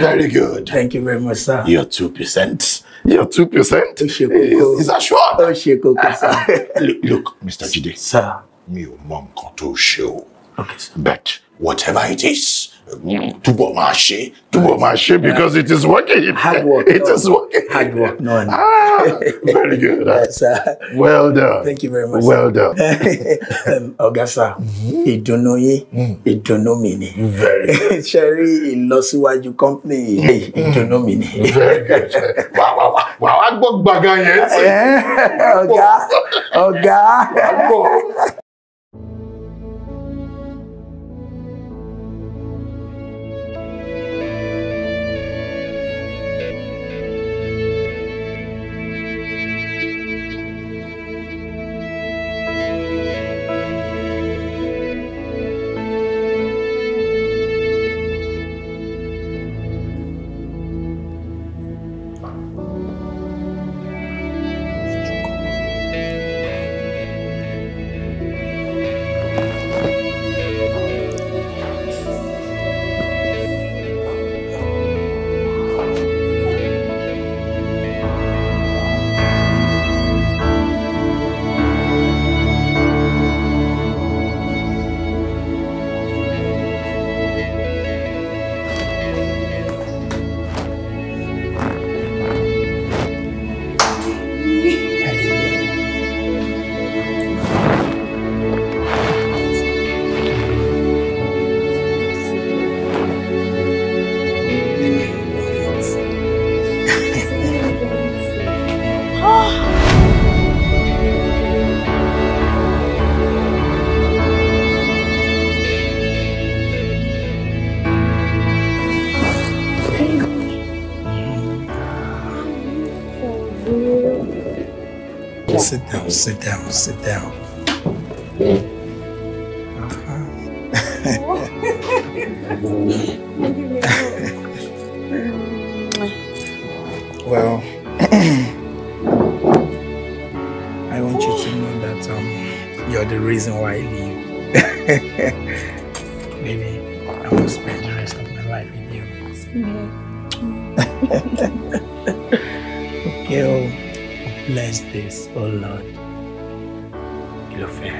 very good. thank you very much sir. you're two percent. You're two percent. Is, is that sure? Look, look, Mr. Jide. Sir mi ò mọ to show, ṣe o but whatever it is mm, túbọ̀ máa ṣe túbọ̀ máa ṣe because it is working hard work it no. is working hard work no, no. ah very good yes, sir. well done thank you very much well um, sir. done ọ̀gá sá ìdùnnú yín mm. ìdùnnú mi ni very good ṣe rí ìlọsíwájú company yìí mm, ìdùnnú mi ni very good Wow, wà wà wà wá gbọ́ gbàgà oh god. ọ̀gá ọ̀gá. Sit down, sit down, sit down. Uh-huh. well, I want you to know that um, you're the reason why I leave. Baby, I will spend the rest of my life with you. is this, O oh Lord? You look fair.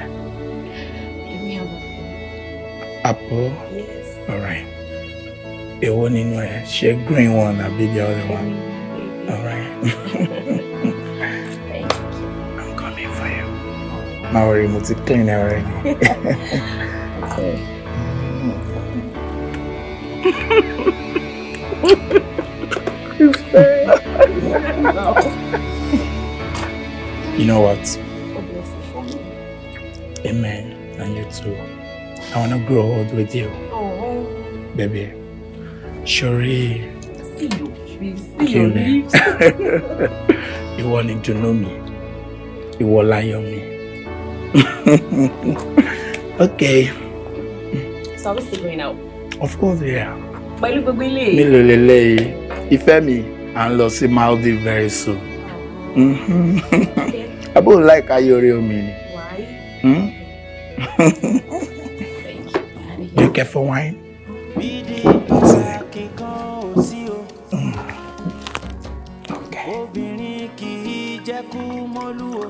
Apple? Yes. All right. one in ẹ̀ ṣe green one I'll be the other one? All right. Thank you. I'm coming for you. Má worry, mo ti clean already. okay. It's fair. no. You know what? Amen. And you too. I want to grow old with you. Oh. Baby. Shuri. See your face. See your you wanted to know me. You will lie on me. okay. So are we still going out? Of course, yeah. Pẹ̀lú gbogbo ilé. Mi lò lè lè yìí. Ìfẹ́ mi, à ń very soon. Oh. Mm-hmm. yeah. I don't like Ayore Omini. Why? Hmm? Thank you, You care for wine? Okay. Let me jẹ́ kú mọ́lú o.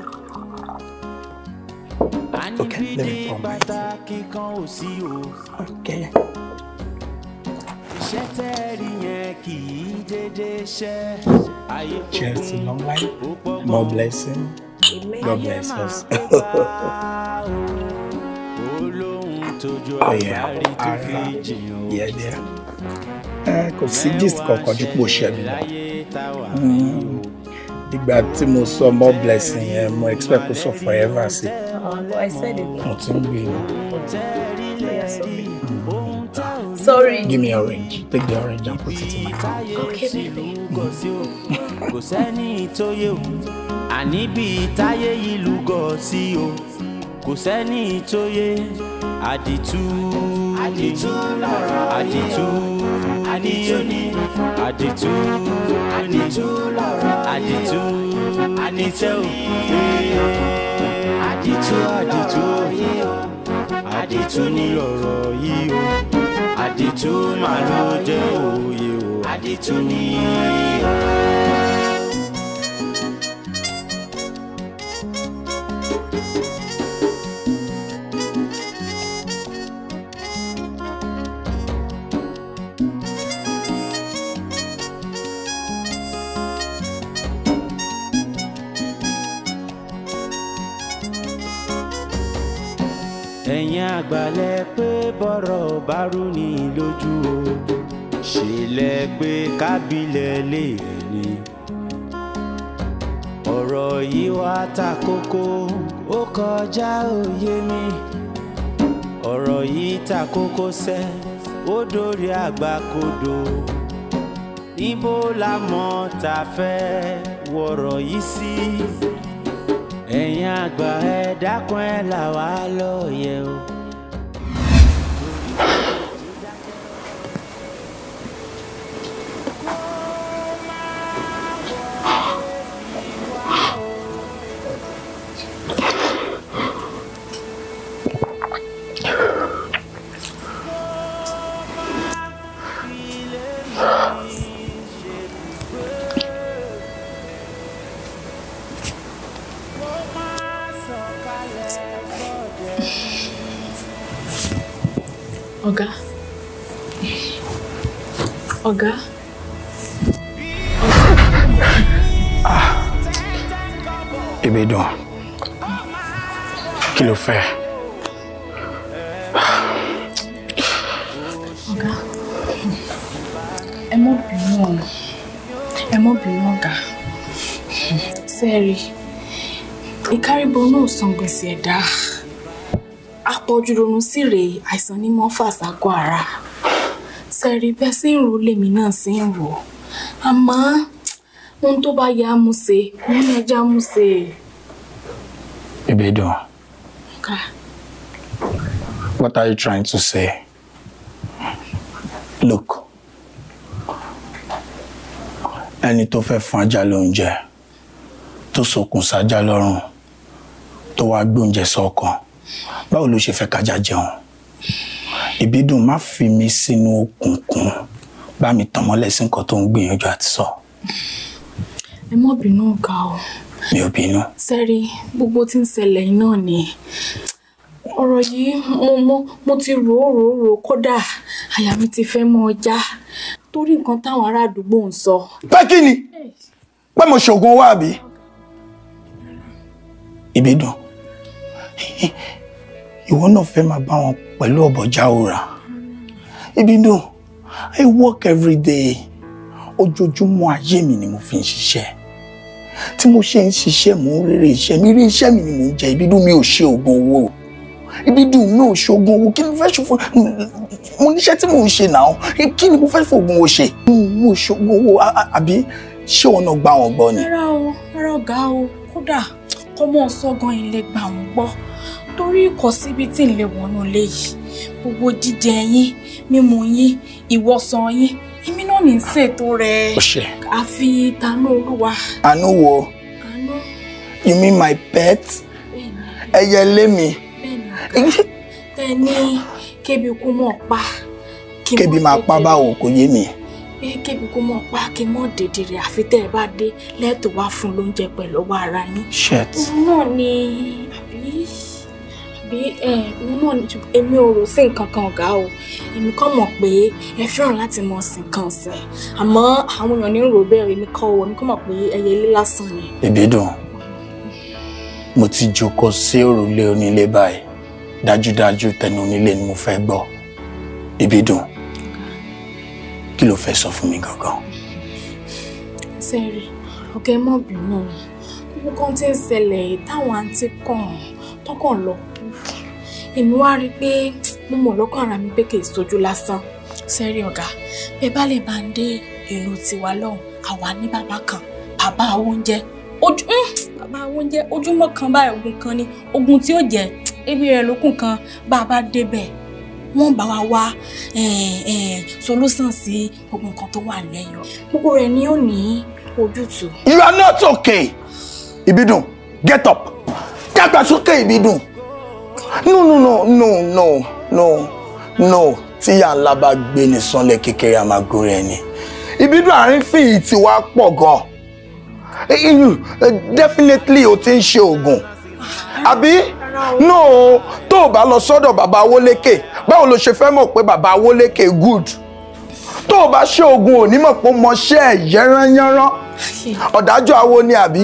Àníbídé pàtàkì More blessing. God bless us. Oh yeah, yeah, yeah. Eh, ẹ kò sí gist kankan ju pé hmm. o ṣe mi lọ. Ìgbà tí mo sọ more blessing yẹn, mo expect kó sọ forever sí. Mo ti ń gbìyànjú. Sorry. Give me orange. Take the orange and put it in my mouth. Okay, baby. Kò sẹ́ni ìtòyè o, àní àdìtú. Àdìtú lọ̀rọ̀ àdìtú níyó Àdìtú àdìtú lọ̀rọ̀ àdìtú àdìtẹ́ Àdìtú àdìtú àdìtú ní yìí o àdìtú máa ló jẹ́ òye o àdìtú ni. ẹ̀yin àgbàlẹ̀ bọ́rọ̀ bárú ní lójú o ṣẹlẹ̀ pé kábílẹ̀ lè ní. ọ̀rọ̀ yìí wá ta kókó ó kọjá òye mi ọ̀rọ̀ yìí ta kókó sẹ́ ó dórí àgbàkodò ibo la mọ̀ ta fẹ́ wọ̀rọ̀ yìí sí. ẹ̀yin àgbà ẹ dákun ẹ̀ là wá lọ́ọ̀yẹ̀ o. ló fẹ́. ọ̀gá ẹ mọ́ bínú ọ̀nà ẹ mọ́ bínú ọ̀gá sẹ́ẹ̀rì ìkárìbọ náà san gbèsè ẹ̀dá àpọ̀jù ronú sí rèé àìsàn ní mọ́fà ságọ́ ara sẹ́ẹ̀rì bẹ́ẹ̀ sí ń rò lèmi náà sí ń rò àmọ́ ohun tó bá yá mú ṣe òun ẹja mú ṣe. ìbẹ̀dùn. Chuka. What are you trying to say? Look. Ẹni tó fẹ́ fún ajá lóúnjẹ, tó sokùn sájá lọ́rùn, tó wá gbóúnjẹ sọ́kàn, báwo ló ṣe fẹ́ kájá jẹun? Ìbídùn má fi mi sínú òkùnkùn, bá mi tàn mọ́lẹ̀ sí nǹkan tó ń gbìyànjú àti sọ. Ẹ má bínú ọ̀gá o mi ò bínú. sẹ́rí gbogbo tí ń ṣẹlẹ̀ iná ni ọ̀rọ̀ yìí mo mo mo ti rò ó rò ó rò ó kódà àyà mi ti fẹ́ mọ́ ọ já torí nǹkan táwọn ará àdúgbò ń sọ. pé kí ni pé mo ṣoògùn owó àbí ibi dùn ìwọ náà fẹ́ máa bá wọn pẹ̀lú ọ̀bọ̀já òra ibi dùn I work every day ojoojúmọ́ ayé mi ni mo fi ń ṣiṣẹ́ tí mo ṣe ń ṣiṣẹ́ mò ń rere iṣẹ́ mi rí iṣẹ́ mi ni mò ń jẹ ibi dùn mi ò ṣe oògùn owó ibi dùn mi ò ṣe oògùn owó kí ni mo fẹ́ ṣe mo níṣẹ́ tí mò ń ṣe náà kí ni mo fẹ́ fògùn owó ṣe mo ṣe oògùn owó àbí ṣé ọ̀nà gbà wọ́n gbọ́ ni. ara o ara ọ̀gá o kódà kọ́mọ sọ́gan ilé gbà wọ́n gbọ́ torí kò síbi tí ń lè wọnú ilé yìí gbogbo jíjẹ yín mímu yín ìwọ̀sàn yín èmi náà ní ṣètò rẹ̀. ọṣẹ. àfi tanú olúwa. àánú wo. àánú. you mean my pet. ẹyẹ lé mi. bẹ́ẹ̀ni ọgá tẹni kébi kú mọ pa. kébi máa pa báwo kò yé mi. kébi kú mọ pa kí n mọ dèdè rẹ àfi tẹ ẹ bá dé lẹẹtọ wá fún lóúnjẹ pẹ̀lú ọwọ́ ara yín. shit. òun náà ni àbí àbí òun náà ni èmi ò rò sí nǹkan kan ọ̀gá o èmi kàn mọ̀ pé ẹ fẹ́ràn láti mọ sìn kan sẹ̀ àmọ́ àwọn èèyàn ní ń rò bẹ́ẹ̀ èmi kọ́ o èmi kàn mọ̀ pé ẹyẹ ilé lásán ni. ìbídùn mo ti jókòó sí òrùlé onílé báyìí dájúdájú tẹnu onílé ni mo fẹ́ gbọ́ ìbídùn kí ló fẹ́ sọ fún mi gangan. sẹ́ẹ̀rì ọ̀gá ẹ mọ̀ bínú gbogbo kan ti ń ṣẹlẹ̀ táwọn àǹtí kàn tọkàn lọ èmi wá rí i pé mo mọ̀ lọ́kàn ara mi pé kì í sojú lásán. sẹ́rí ọ̀gá bẹ́ẹ̀ bá lè bá ń dé ìlú tiwa lọ́hùn àwa ní bàbá kan bàbá oúnjẹ ojú bàbá oúnjẹ ojúmọ́ kan báyìí ogun kan ni ogun tí ó jẹ́ ebi rẹ̀ lókun kan bàbá débẹ̀ wọ́n bá wa wá solution sí gbogbo nǹkan tó wà lẹ́yìn gbogbo rẹ̀ ni ó ní ojútùú. you are not okay Ìbídùn get up dàgbàsókè Ìbídùn no no no no no no no tí ìyá ńlá bá gbé ní sanlẹ̀ kékeré àmàgòrè ẹni ìbídùn àárín fìyì ti wá pọ̀ gan-an definitely o ti ń ṣe oògùn àbí no tó o bá lọ sọ́dọ̀ bàbá Awólékè báwo lo ṣe fẹ́ mọ̀ pé bàbá Awólékè good tó o bá ṣe oògùn ò ní mo ṣe ẹ̀ yẹ́rányẹ́rán ọ̀dájú awo ni àbí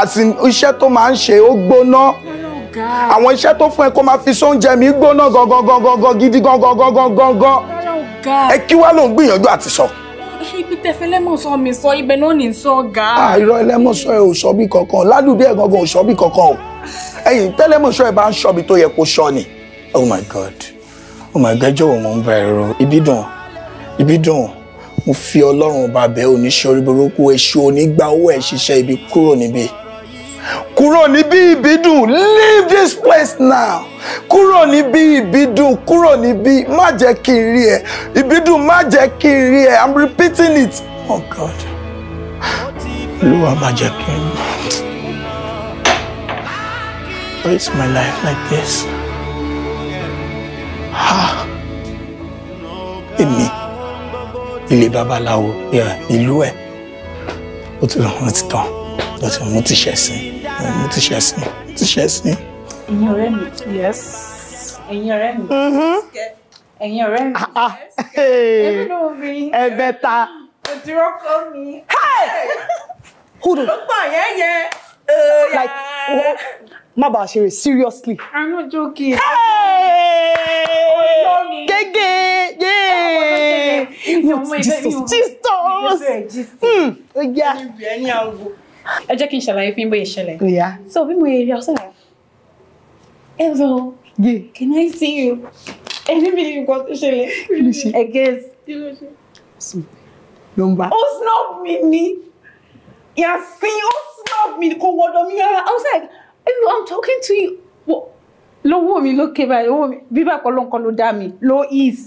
àti iṣẹ́ tó máa ń ṣe ó gbóná. No? àwọn iṣẹ́ tó fún ẹ kó máa fi sóúnjẹ mi gbóná gangan gangan gangan gidi gangan gangan gangan ẹ kí wá ló ń gbìyànjú àti sọ. ibi tẹfẹ lẹmọsọ mi sọ ibẹ̀ náà ní sọ ọgá. àìrọ ah, ẹlẹmọsọ ẹ ò sọ bí kankan ládùúgbò ẹ gangan ò sọ bí kankan o ẹ̀yin tẹlẹmọsọ ẹ bá ń sọ bí tó yẹ kó sọ ni. oh my god oh my god jọ̀wọ́ mo ń bá ẹ ro ibi dùn ibi dùn mo fi Ọlọ́run ọba bẹ́ẹ̀ oníṣẹ́ orí burúkú èṣù onígbà owó ẹ̀ ṣiṣẹ́ ibi kúrò níbí kúrò níbí ìbídùn leave this place now kúrò níbí ìbídùn kúrò níbí má jẹ́ kí n rí ẹ ìbídùn má jẹ́ kí n rí ẹ i'm repeating it oh god olúwa má jẹ́ kí n why is my life like this ha èmi ilé babaláwo ìlú ẹ ó ti rán ọ ti tán but mo ti ṣẹ̀sìn mo ti ṣẹ̀sìn mo ti ṣẹ̀sìn. ẹ̀yin ọ̀rẹ́ mi yes ẹ̀yin ọ̀rẹ́ mi mm-hmm. ẹ̀yin ọ̀rẹ́ mi ah, ah. ẹ̀mí ló mi ẹ̀bẹ̀ ta òdìrọ́kọ mi. hold on. ó pọ̀ like má bàa ṣeré seriously. i'm not joking. gègé yéé. jesus jesus. Hmm. ẹni àwọn ẹ jẹ́ kí n ṣàlàyé fún bóyá ìṣẹ̀lẹ̀. so bí mo yẹ rí ọsẹ rẹ hello can I see you ẹni mi nǹkan tó ṣẹlẹ̀ ẹ guess. nọ́mbà. ó snub mi ni yasin ó snub mi kò wọdọ mi rárá I was like hello I'm talking to you ló wò mí ló ké báyìí wò mí bíbá kan ló ń kọ́ ló dá mi ló is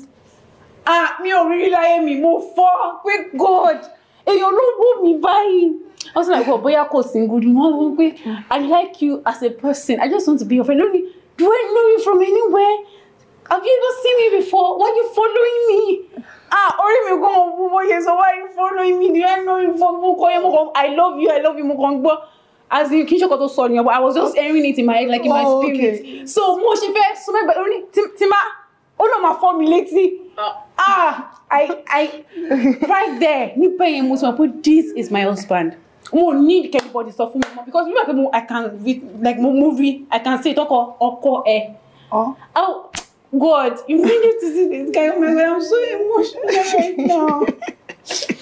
ah mi ò rí láyé mi mo fọ́ pé God èèyàn ló wò mí báyìí. I was like, well, bóyá kò single. Wọ́n wọ́n pé I like you as a person. I just want to be your friend. Lórí do I know you from anywhere? Have you ever seen me before? Why are you following me? Ah, orí mi kò mọ̀ bó ṣe sọ why are you following me? Do I know you from mo mo kọ́ I love you I love you mo kàn gbọ́ as in kì í ṣe kò sọ nìyẹn but I was just airing it in my head like in my oh, spirit. Okay. So mo ṣe fẹ́ sọ mẹ́gbẹ́ lórí tí máa ó náà máa mi létí ah i i right there níbẹ̀ yẹn mo sọ pé this is my husband mo need anybody sọ fún mi mọ because nígbà pé mo i can read like mo movie i can say tọkọ ọkọ ẹ. oh god you really need to see this guy oh my god i'm so emotional right now.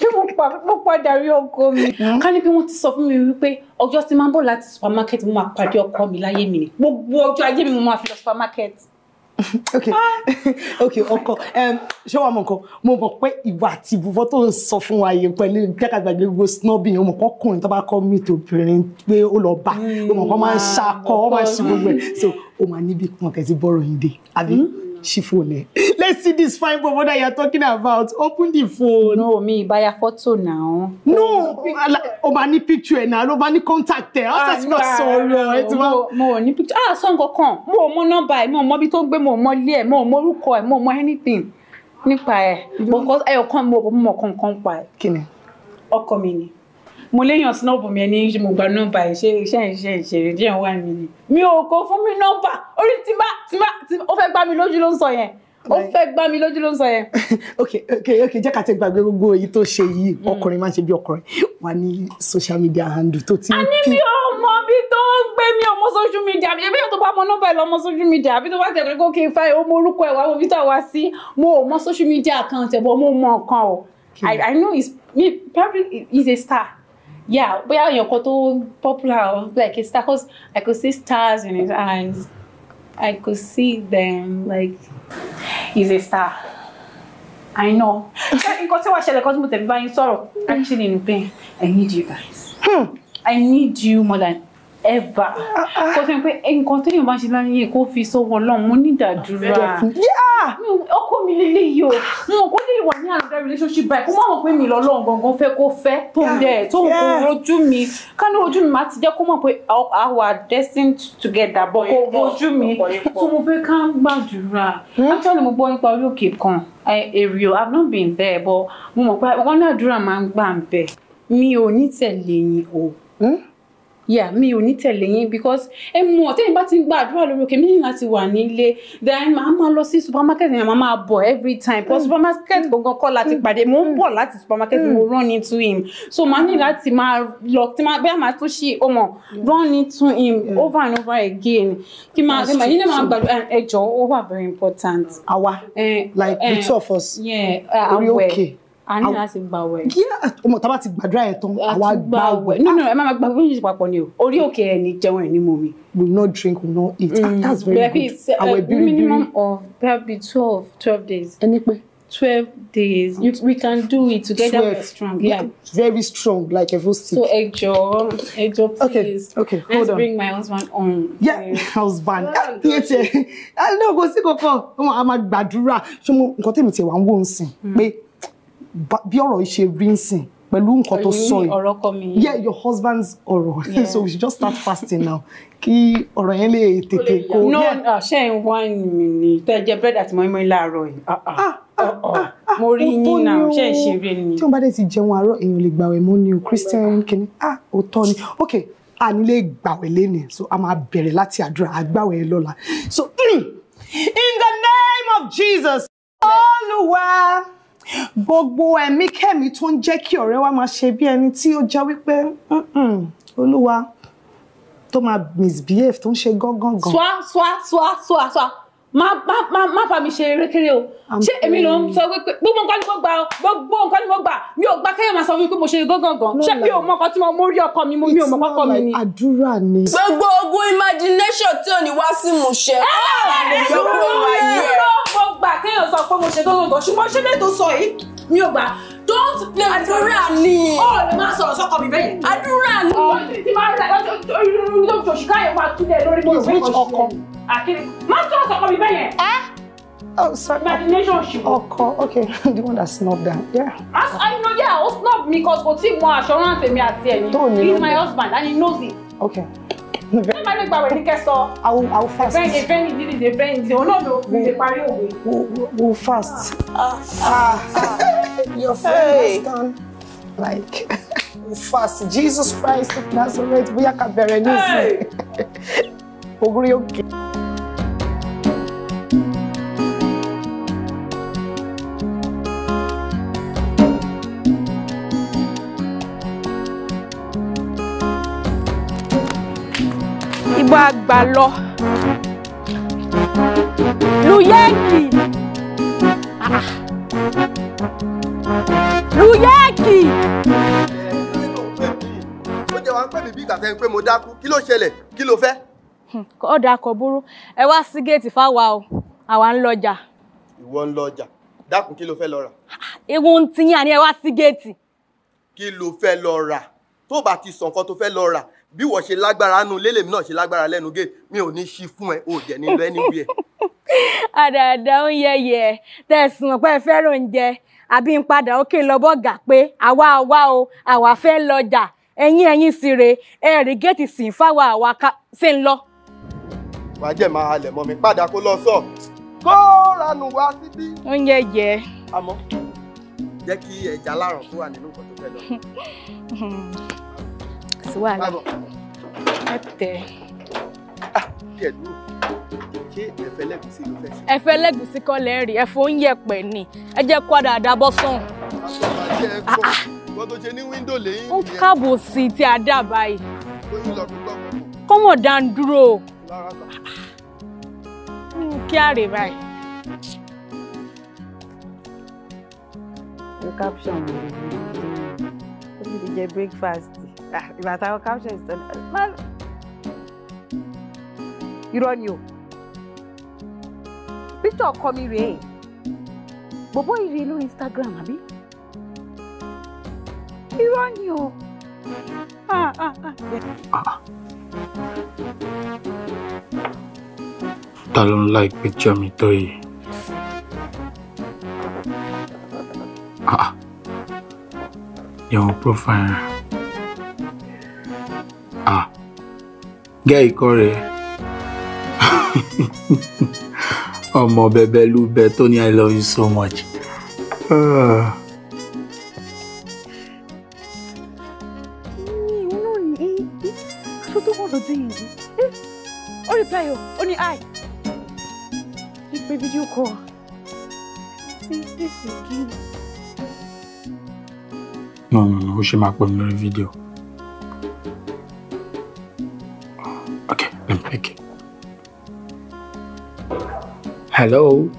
pé mo pa mo padà rí ọkọ mi. Hmm? ká ní bí wọ́n ti sọ fún mi wípé ọjọ́ tí máa ń bọ̀ láti supermarket mo máa pàdé ọkọ mi láyé mi ni gbogbo ọjọ́ ayé mi mo máa fi lọ supermarket. ok ok ọkọ um, ṣé wàá mọ nǹkan mo mọ pé ìwà àti ìbùbọ tó ń sọ fún wa yìí pẹ̀lú jákàgbàgbé gbogbo snobbing ọmọ kan kùnrin tó bá kọ mí tó obìnrin pé ó lọ bá ọmọ kan máa ń ṣakọ ọmọ àṣìwò rẹ so ó máa níbi kan kẹsì bọrọ yìí dé àbí. Hmm? She phone eh. Let's see this fine boy that you're talking about. Open the phone. No, me buy a photo now. No, oh man, ní picture na, o man ní contact ẹ. How does not so ẹ ti wá? Mo ní picture. Ah, so go come. Mo mọ number ẹ, mo mọ bí tó gbé, mo mọ ilé ẹ, mo mọ orúkọ mo mọ anything nípa ẹ. Because ẹyọ come. mo mọ kankan come ẹ. Kí ni? Oh, come ni mo léèyàn sínáàbù mi ẹni mo gba nọ́mbà ìṣe iṣẹ́ ìṣe ìṣeré díẹ̀ wà mí ni mi ò kó fún mi nọ́mbà orí tí bá tí bá tí ó fẹ́ gbá mi lójú ló ń sọ yẹn ó fẹ́ gbá mi lójú ló ń sọ yẹn. ok ok ok jẹ́ ká ti gbàgbé gbogbo èyí tó ṣe yìí mm. ọkùnrin máa ń ṣe bí ọkùnrin wà ní social media handle tó ti ń pè. a ní mi ò mọ bí tó ń gbé mi ọmọ social media àbí ẹbí tó bá mọ nọ́mbà ẹ lọmọ social media àbí tó bá tẹ̀lé kó kí n fa ìwọ́n mo orúkọ ẹ̀ wá mo fi tà wá sí mo ò mọ social media account ẹ̀ bọ́ mo mọ nǹkan o I know he's, me probably he's a star yeah bóyá èèyàn kan tó popular like it's star I could see stars in his eyes I could see them like he's a star I know nǹkan tí wàá ṣẹlẹ̀ kan tí mo tẹ̀lé báyìí sọ̀rọ̀ actually in pain I need you guys hmm. I need you more than ever kò sí pé nǹkan tó yàn bá ṣe láyé kó fi sọ́wọ́ Ọlọ́run mo ní ìdàdúrà ọkọ mi lélẹ yìí o mo kò lè wà ní another relationship báyìí kó má mọ̀ pé mi lọ́lọ́run gangan fẹ́ kó fẹ́ tó ń dẹ̀ tó ń kó rojú mi ká ní ojú mi má ti jẹ́ kó mọ̀ pé our destined together bọ̀ kó rojú mi tó mo fẹ́ ká ń gbàdúrà hmm? actually mo gbọ́ nípa orí òkè kan èrè o I've not been there but mo mọ̀ pé wọ́n ní àdúrà máa ń gbà ń bẹ̀ mi ò ní tẹ̀lé yín o. Hmm? yeah mi ò ní tẹ̀lé yín because ẹ mọ̀ tẹ́yìn bá ti ń gbàdúrà lórí òkè mi ní láti wà nílé then màá máa lọ sí supermarket yẹn màá máa bọ̀ every time because mm. supermarket mm. gangan kọ́ láti mm. pàdé mo ń bọ̀ láti supermarket mo run into him so màá ní láti máa lọ tí máa bẹ́ẹ̀ máa tún ṣí ọmọ run into him over and over again kí máa kí máa yín lè máa gbàdúrà ẹjọ́ ó very important. àwa eh, like eh, the two of us orí òkè a ní láti gbàwẹ̀. ọmọ tá a bá ti gbàdúrà ẹ̀ tán àwa gbàwẹ̀. no no ẹ máa gbàgbé yìí papọ̀ ni o orí òkè ẹ̀ ní jẹun ẹ̀ we no drink eat mm. that's very good àwẹ̀ eh, bírí bírí. minimum of probably twelve twelve days. ẹni pé. twelve days you, we can do it together 12. we're strong yeah. yeah very strong like a stick. so ejo ejo please okay okay hold let's on. bring my husband on yeah husband theatre i know go see koko ọmọ a máa gbàdúrà ṣé mo nǹkan tèmi ti wà ń wò ń sìn mm bí ọ̀rọ̀ yìí ṣe rí ń sìn pẹ̀lú nǹkan tó sọ yìí ọ̀rọ̀ kọ mi. yeah your husband's ọ̀rọ̀ yeah. so we should just start fasting now kí ọ̀rọ̀ yẹn lè tètè kó. no ah, ṣe ń wá mi ni tẹ́ jẹ bẹ́ẹ̀dì àti mọ́ínmọ́ láàárọ̀ yìí ah, ah. Oh, oh. mo rí yín náà ṣe ń ṣeré ni. tí wọ́n bá dẹ̀ ti jẹun àárọ̀ èèyàn lè gbàwẹ̀ mọ́ ni o christian kìíní ah òótọ́ ni ok a nílé gbàwẹ̀ lẹ́nìí so a máa bẹ̀rẹ̀ láti àdúrà àgbàwẹ̀ lọ́la so in the name of Jesus olúwa. Oh, gbogbo ẹ̀mí kẹ́mi tó ń jẹ́ kí ọ̀rẹ́ wa máa ṣe bí ẹni tí ó jẹ́ wípé olúwa tó máa misbehave tó ń ṣe gángan gan. swa swa swa swa swa má má má má fa mi ṣe erékeré o ṣé èmi ló ń sọ pé gbogbo nǹkan ni mo gbà gbogbo nǹkan ni mo gbà mi ò gbà kéèyàn máa sọ wípé mo ṣe gángan ṣé mi ò mọkàn tí mo rí ọkọ mi mo mi ò mọkàn kọ mi ni. àdúrà ni. gbogbo ogun imagination tí ò ní wá sí mu ṣe. ẹ ẹ ẹ dúró ẹ mo gbà kéèyàn sọ pé mo ṣe gángan ṣùgbọ́n ṣé lè tó sọ yìí mi ò gbà don't play with àdúrà ni ó lè máa sọ̀rọ̀ sọ́kọ mi bẹ́yẹn àdúrà ni. ti máa ń ra ọjọ́ ìṣúká yẹn máa túlẹ̀ lórí mi ò fẹ́ ọkọ Akiri, má sọ̀rọ̀ sọ̀kọ ah! Oh, sorry. Imagination Ọkọ, okay, the one that snubbed down, yeah. As I know, yeah, ó snub me because for tí mọ she èmi àti ẹ̀yin. Tó ní lóde. He's my husband and he knows it. Okay. I will, I will fast. Ìfẹ́ ìfẹ́ ní ìdílé ìdílé ìfẹ́ ní ìdílé òun náà ló fi lè parí We will fast. Ah, ah, ah. Your friend hey. has gone like we fast. Jesus Christ of Nazareth, We are bẹ̀rẹ̀ ní Pogory okay. Ìgbà àgbà lọ. Luyeki. Ah. Luyeki. Ó jẹ́ wá ń pè mí bí ìgbà tẹ́ ń pé mo dákú. Kí ló ṣẹlẹ̀? Kí ló fẹ́? ọ̀dà hmm, kò burú ẹ wá sí géètì fáwa o àwa ń lọjà. ìwọ ń lọjà dákun kí ló fẹ́ lọ rà. ewu ń tiyín àní ẹ wá sí géètì. kí ló fẹ́ lọ rà tó bá ti sọ nǹkan tó fẹ́ lọ rà bí wọ́n ṣe lágbára nu lélèmí náà ṣe lágbára lẹ́nu géè mi ò ní ṣí fún ẹ ò jẹ́ nílò ẹni wí ẹ. àdàdà ń yẹyẹ tẹ̀sùn ọ̀pẹ́ fẹ́ràn oúnjẹ àbí ń padà ókè lọ́bọ̀gà pé àwa àwa o àwa fẹ́ lọ́jà ẹ̀yìn ẹ̀yìn sí re ẹ̀rí géètì sì ń fáwọn àwa ká ṣe ń lọ wàá jẹ́ máa halẹ̀ mọ́ mi padà kó lọ sọ kó ranù wá síbí. oúnjẹ jẹ. àmọ́ jẹ́ kí ẹja láràn tó wà nínú nǹkan tó fẹ́ lọ. sí wàhálà ẹ tẹ. Ah, kí ẹ dúró ṣé rí ẹ̀fọ́ ń yẹ̀pẹ̀ ni ẹ jẹ́ padà àdábọ́ sàn. wọ́n tó ṣe ní wíńdò lẹ́yìn. ó káàbò sí ti àdá báyìí. kọ́mọ̀ dá ń dúró kí á rè báyìí. your caption mi ò rí ó sì ti jẹ breakfast ah, ìgbà táwọn caption ti sọ irọ́ ni o picture ọkọ mi rèé bòbó ìrè lórí Instagram àbí irọ́ ni o. Ah, ah, ah. ah, ah. Ta like picture mi Ah, ìwọ̀n ah. profile Ah, gay ikọ́ Oh my baby lú bẹ I love you so much. Uh. She máa pè mí video. Okay, let me pick it. Hello.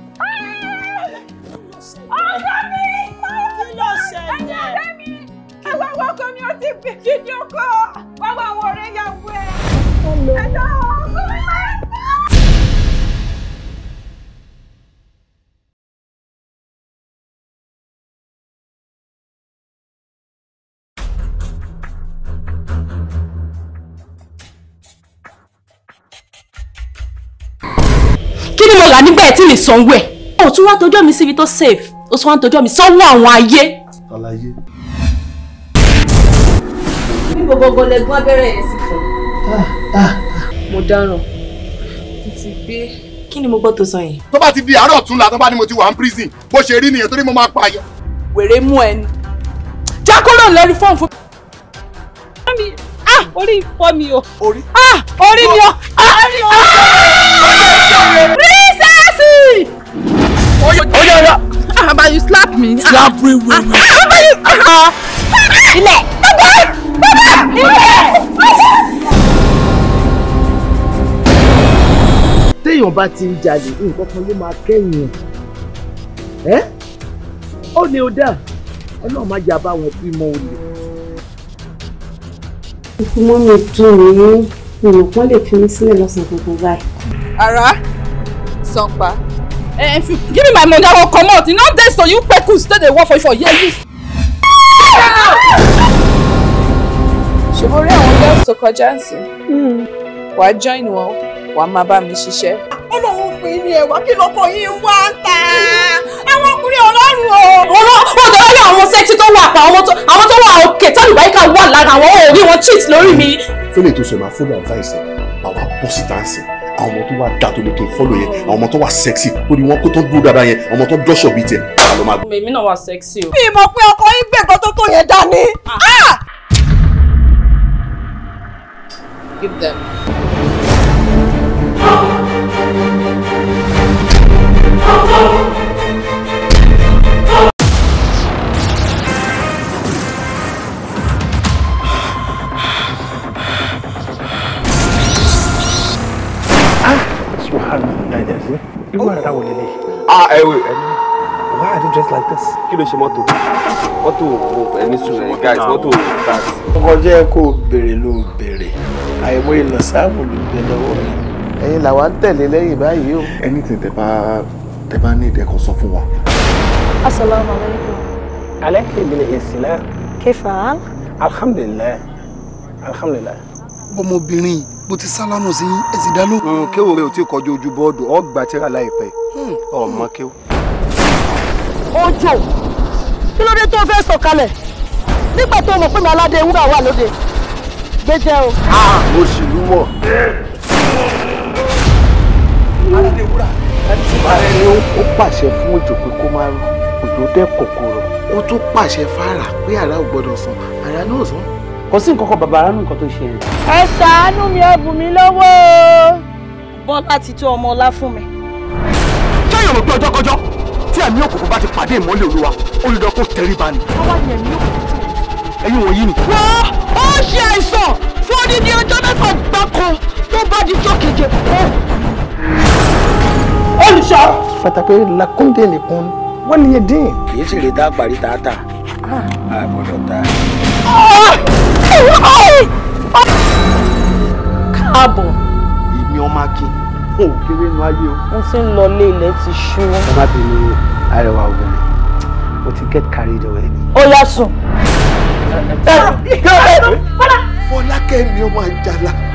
Somewhere. ẹ̀ ó tún wá tọjọ́ mi síbi to safe ó tún wá tọjọ́ mi sanwó àwọn ayé. àlàyé. níbo gangan lẹ gún abẹ́rẹ́ yẹn sí fún. Ah, ah, ah. mo dáràn mo ti gbé kí ni mo gbọ́ tó sọ yẹn. tó bá ti di àárọ̀ tún la tó bá ní mo ti wà ní prison bó ṣe rí nìyẹn torí mo máa pààyàn. wèrè mú ẹni jákòrò lórí fóònù fún mi. ah Ori. fọ́ mi o. orí. ah Ori. mi o. orí mi o. Oh yeah, Oya, oya. Ah, but you slap me. Ah. Slap me, woman. Ah. But you. Ilẹ̀. Bàbá! Bàbá! Ilẹ̀. Téèyàn bá ti ń jalè, nǹkan kan ló máa kẹ́yìn ẹ̀. Ó ní o dá. Ọlọ́run má jà bá wọn bímọ olè. Ikú mọ́ mi dùn mí. Ìmọ̀ kan lè fi mí sílẹ̀ lọ́sàn-án gbogbo báyìí. Ara Sanpa. Eh, if you give me my money, I will come out. You know this, so you peckles stay dey work for you for years. Ṣèborí àwọn girls tó kọjá ń sìn. Hmm. Wàá join wọn, wàá máa bá mi ṣiṣẹ́. Ọlọ́run fún yín ní ẹ̀wà kí lọ́kọ̀ yín wá ń ta. Àwọn ọkùnrin ọlọ́run o. Ọlọ́ ọ̀dọ̀ ọ̀lẹ́ àwọn sẹ́tí tó wà pa me tó wà òkè tẹ́lẹ̀ ìbáyíká wà lára àwọn òbí wọn cheat lórí mi. Fẹ́lẹ̀ tó sọ ma fún mi advice ẹ̀ bàbá bọ́ síta ń sìn àwọn ọmọ tó wà dà tó ní kí n yẹn àwọn ọmọ tó wà sexy tó ní wọ́n kó tó dúró dáadáa yẹn ọmọ tó dọ́ṣọ̀ bíi tẹ̀ ká náà wà sexy o. mi mọ̀ pé ọkọ yín gbẹ̀gbọ́ tó tó yẹn dání. Ah! Ah! Give them. Ah! irú àrà wò lélẹ̀. ah ẹ eh, wò eh, why are you dressed like this. kí ló ṣe mọ́tò eh, guys mọ́tò guys. ọkọ jẹ́ kó o béèrè ló o béèrè àìmọ̀ ìlọ sáàmù ló gbẹ lọ́wọ́ mi. ẹ̀yin làwa ń tẹ̀lé o. anything tẹ bá tẹ bá ní ìdẹ́kun sọ fún wa. asalaamualeykum. aleke bin islam. kefaal. alhamdulilayi alhamdulilayi. ọmọbìnrin yìí mo ti sálámù sí ẹ sì dá lóhùn. Hmm, kéwò rẹ ò tí ì kọjú ojú bọ́ọ̀dù ọgbà tíra láìpẹ́ hmm. ọmọ kéwò. ojo kí ló dé tó fẹ́ sọ̀kalẹ̀ nígbà tó mọ̀ pé mi aládé ewúrà wà lóde gbé o. mo sì lú wọ̀. aládé ewúrà ẹni tí bá rẹ ni ó pàṣẹ fún òjò pé kó má rú òjò dẹ́ kòkòrò ó tún pàṣẹ fáàrà pé àrà ò gbọdọ̀ sàn àrà náà sàn kò sí nǹkan kan bàbá aránú nǹkan tó ṣe rẹ̀. ẹ ṣàánú mi ẹ bù mí lówó. bọ́lá ti tó ọmọ ọlá fún mi. ṣéyàn rò pé ọjọ́ kọjọ́ tí ẹ̀mí òkùnkùn bá ti pàdé ìmọ́lẹ̀ olúwa olùdókòó tẹríba ni. ọwọ́ ni ẹ̀mí òkùnkùn ti rẹ̀. ẹ̀yin wọ̀nyí ni. wọ́n ó ṣe àìsàn fún odidi ọjọ́ mẹ́fà gbáko tó bá di tó keje. olùṣọ́. pàtàkì lakunde nìkan wọ́n ní yé dín. kì í sì lè dá parí tààtà àgbọ̀dọ̀ ah. ta. Ah! káàbọ̀. èmi ọmọ akin mo ò kéré nu ayé o. mo ti ń lọ ilé ilẹ̀ ti ṣú. ọmọ abìnrin arẹwà obìnrin mo ti get carried away. ó yá sùn. fọlákẹ́ mi ọmọ àjàlá.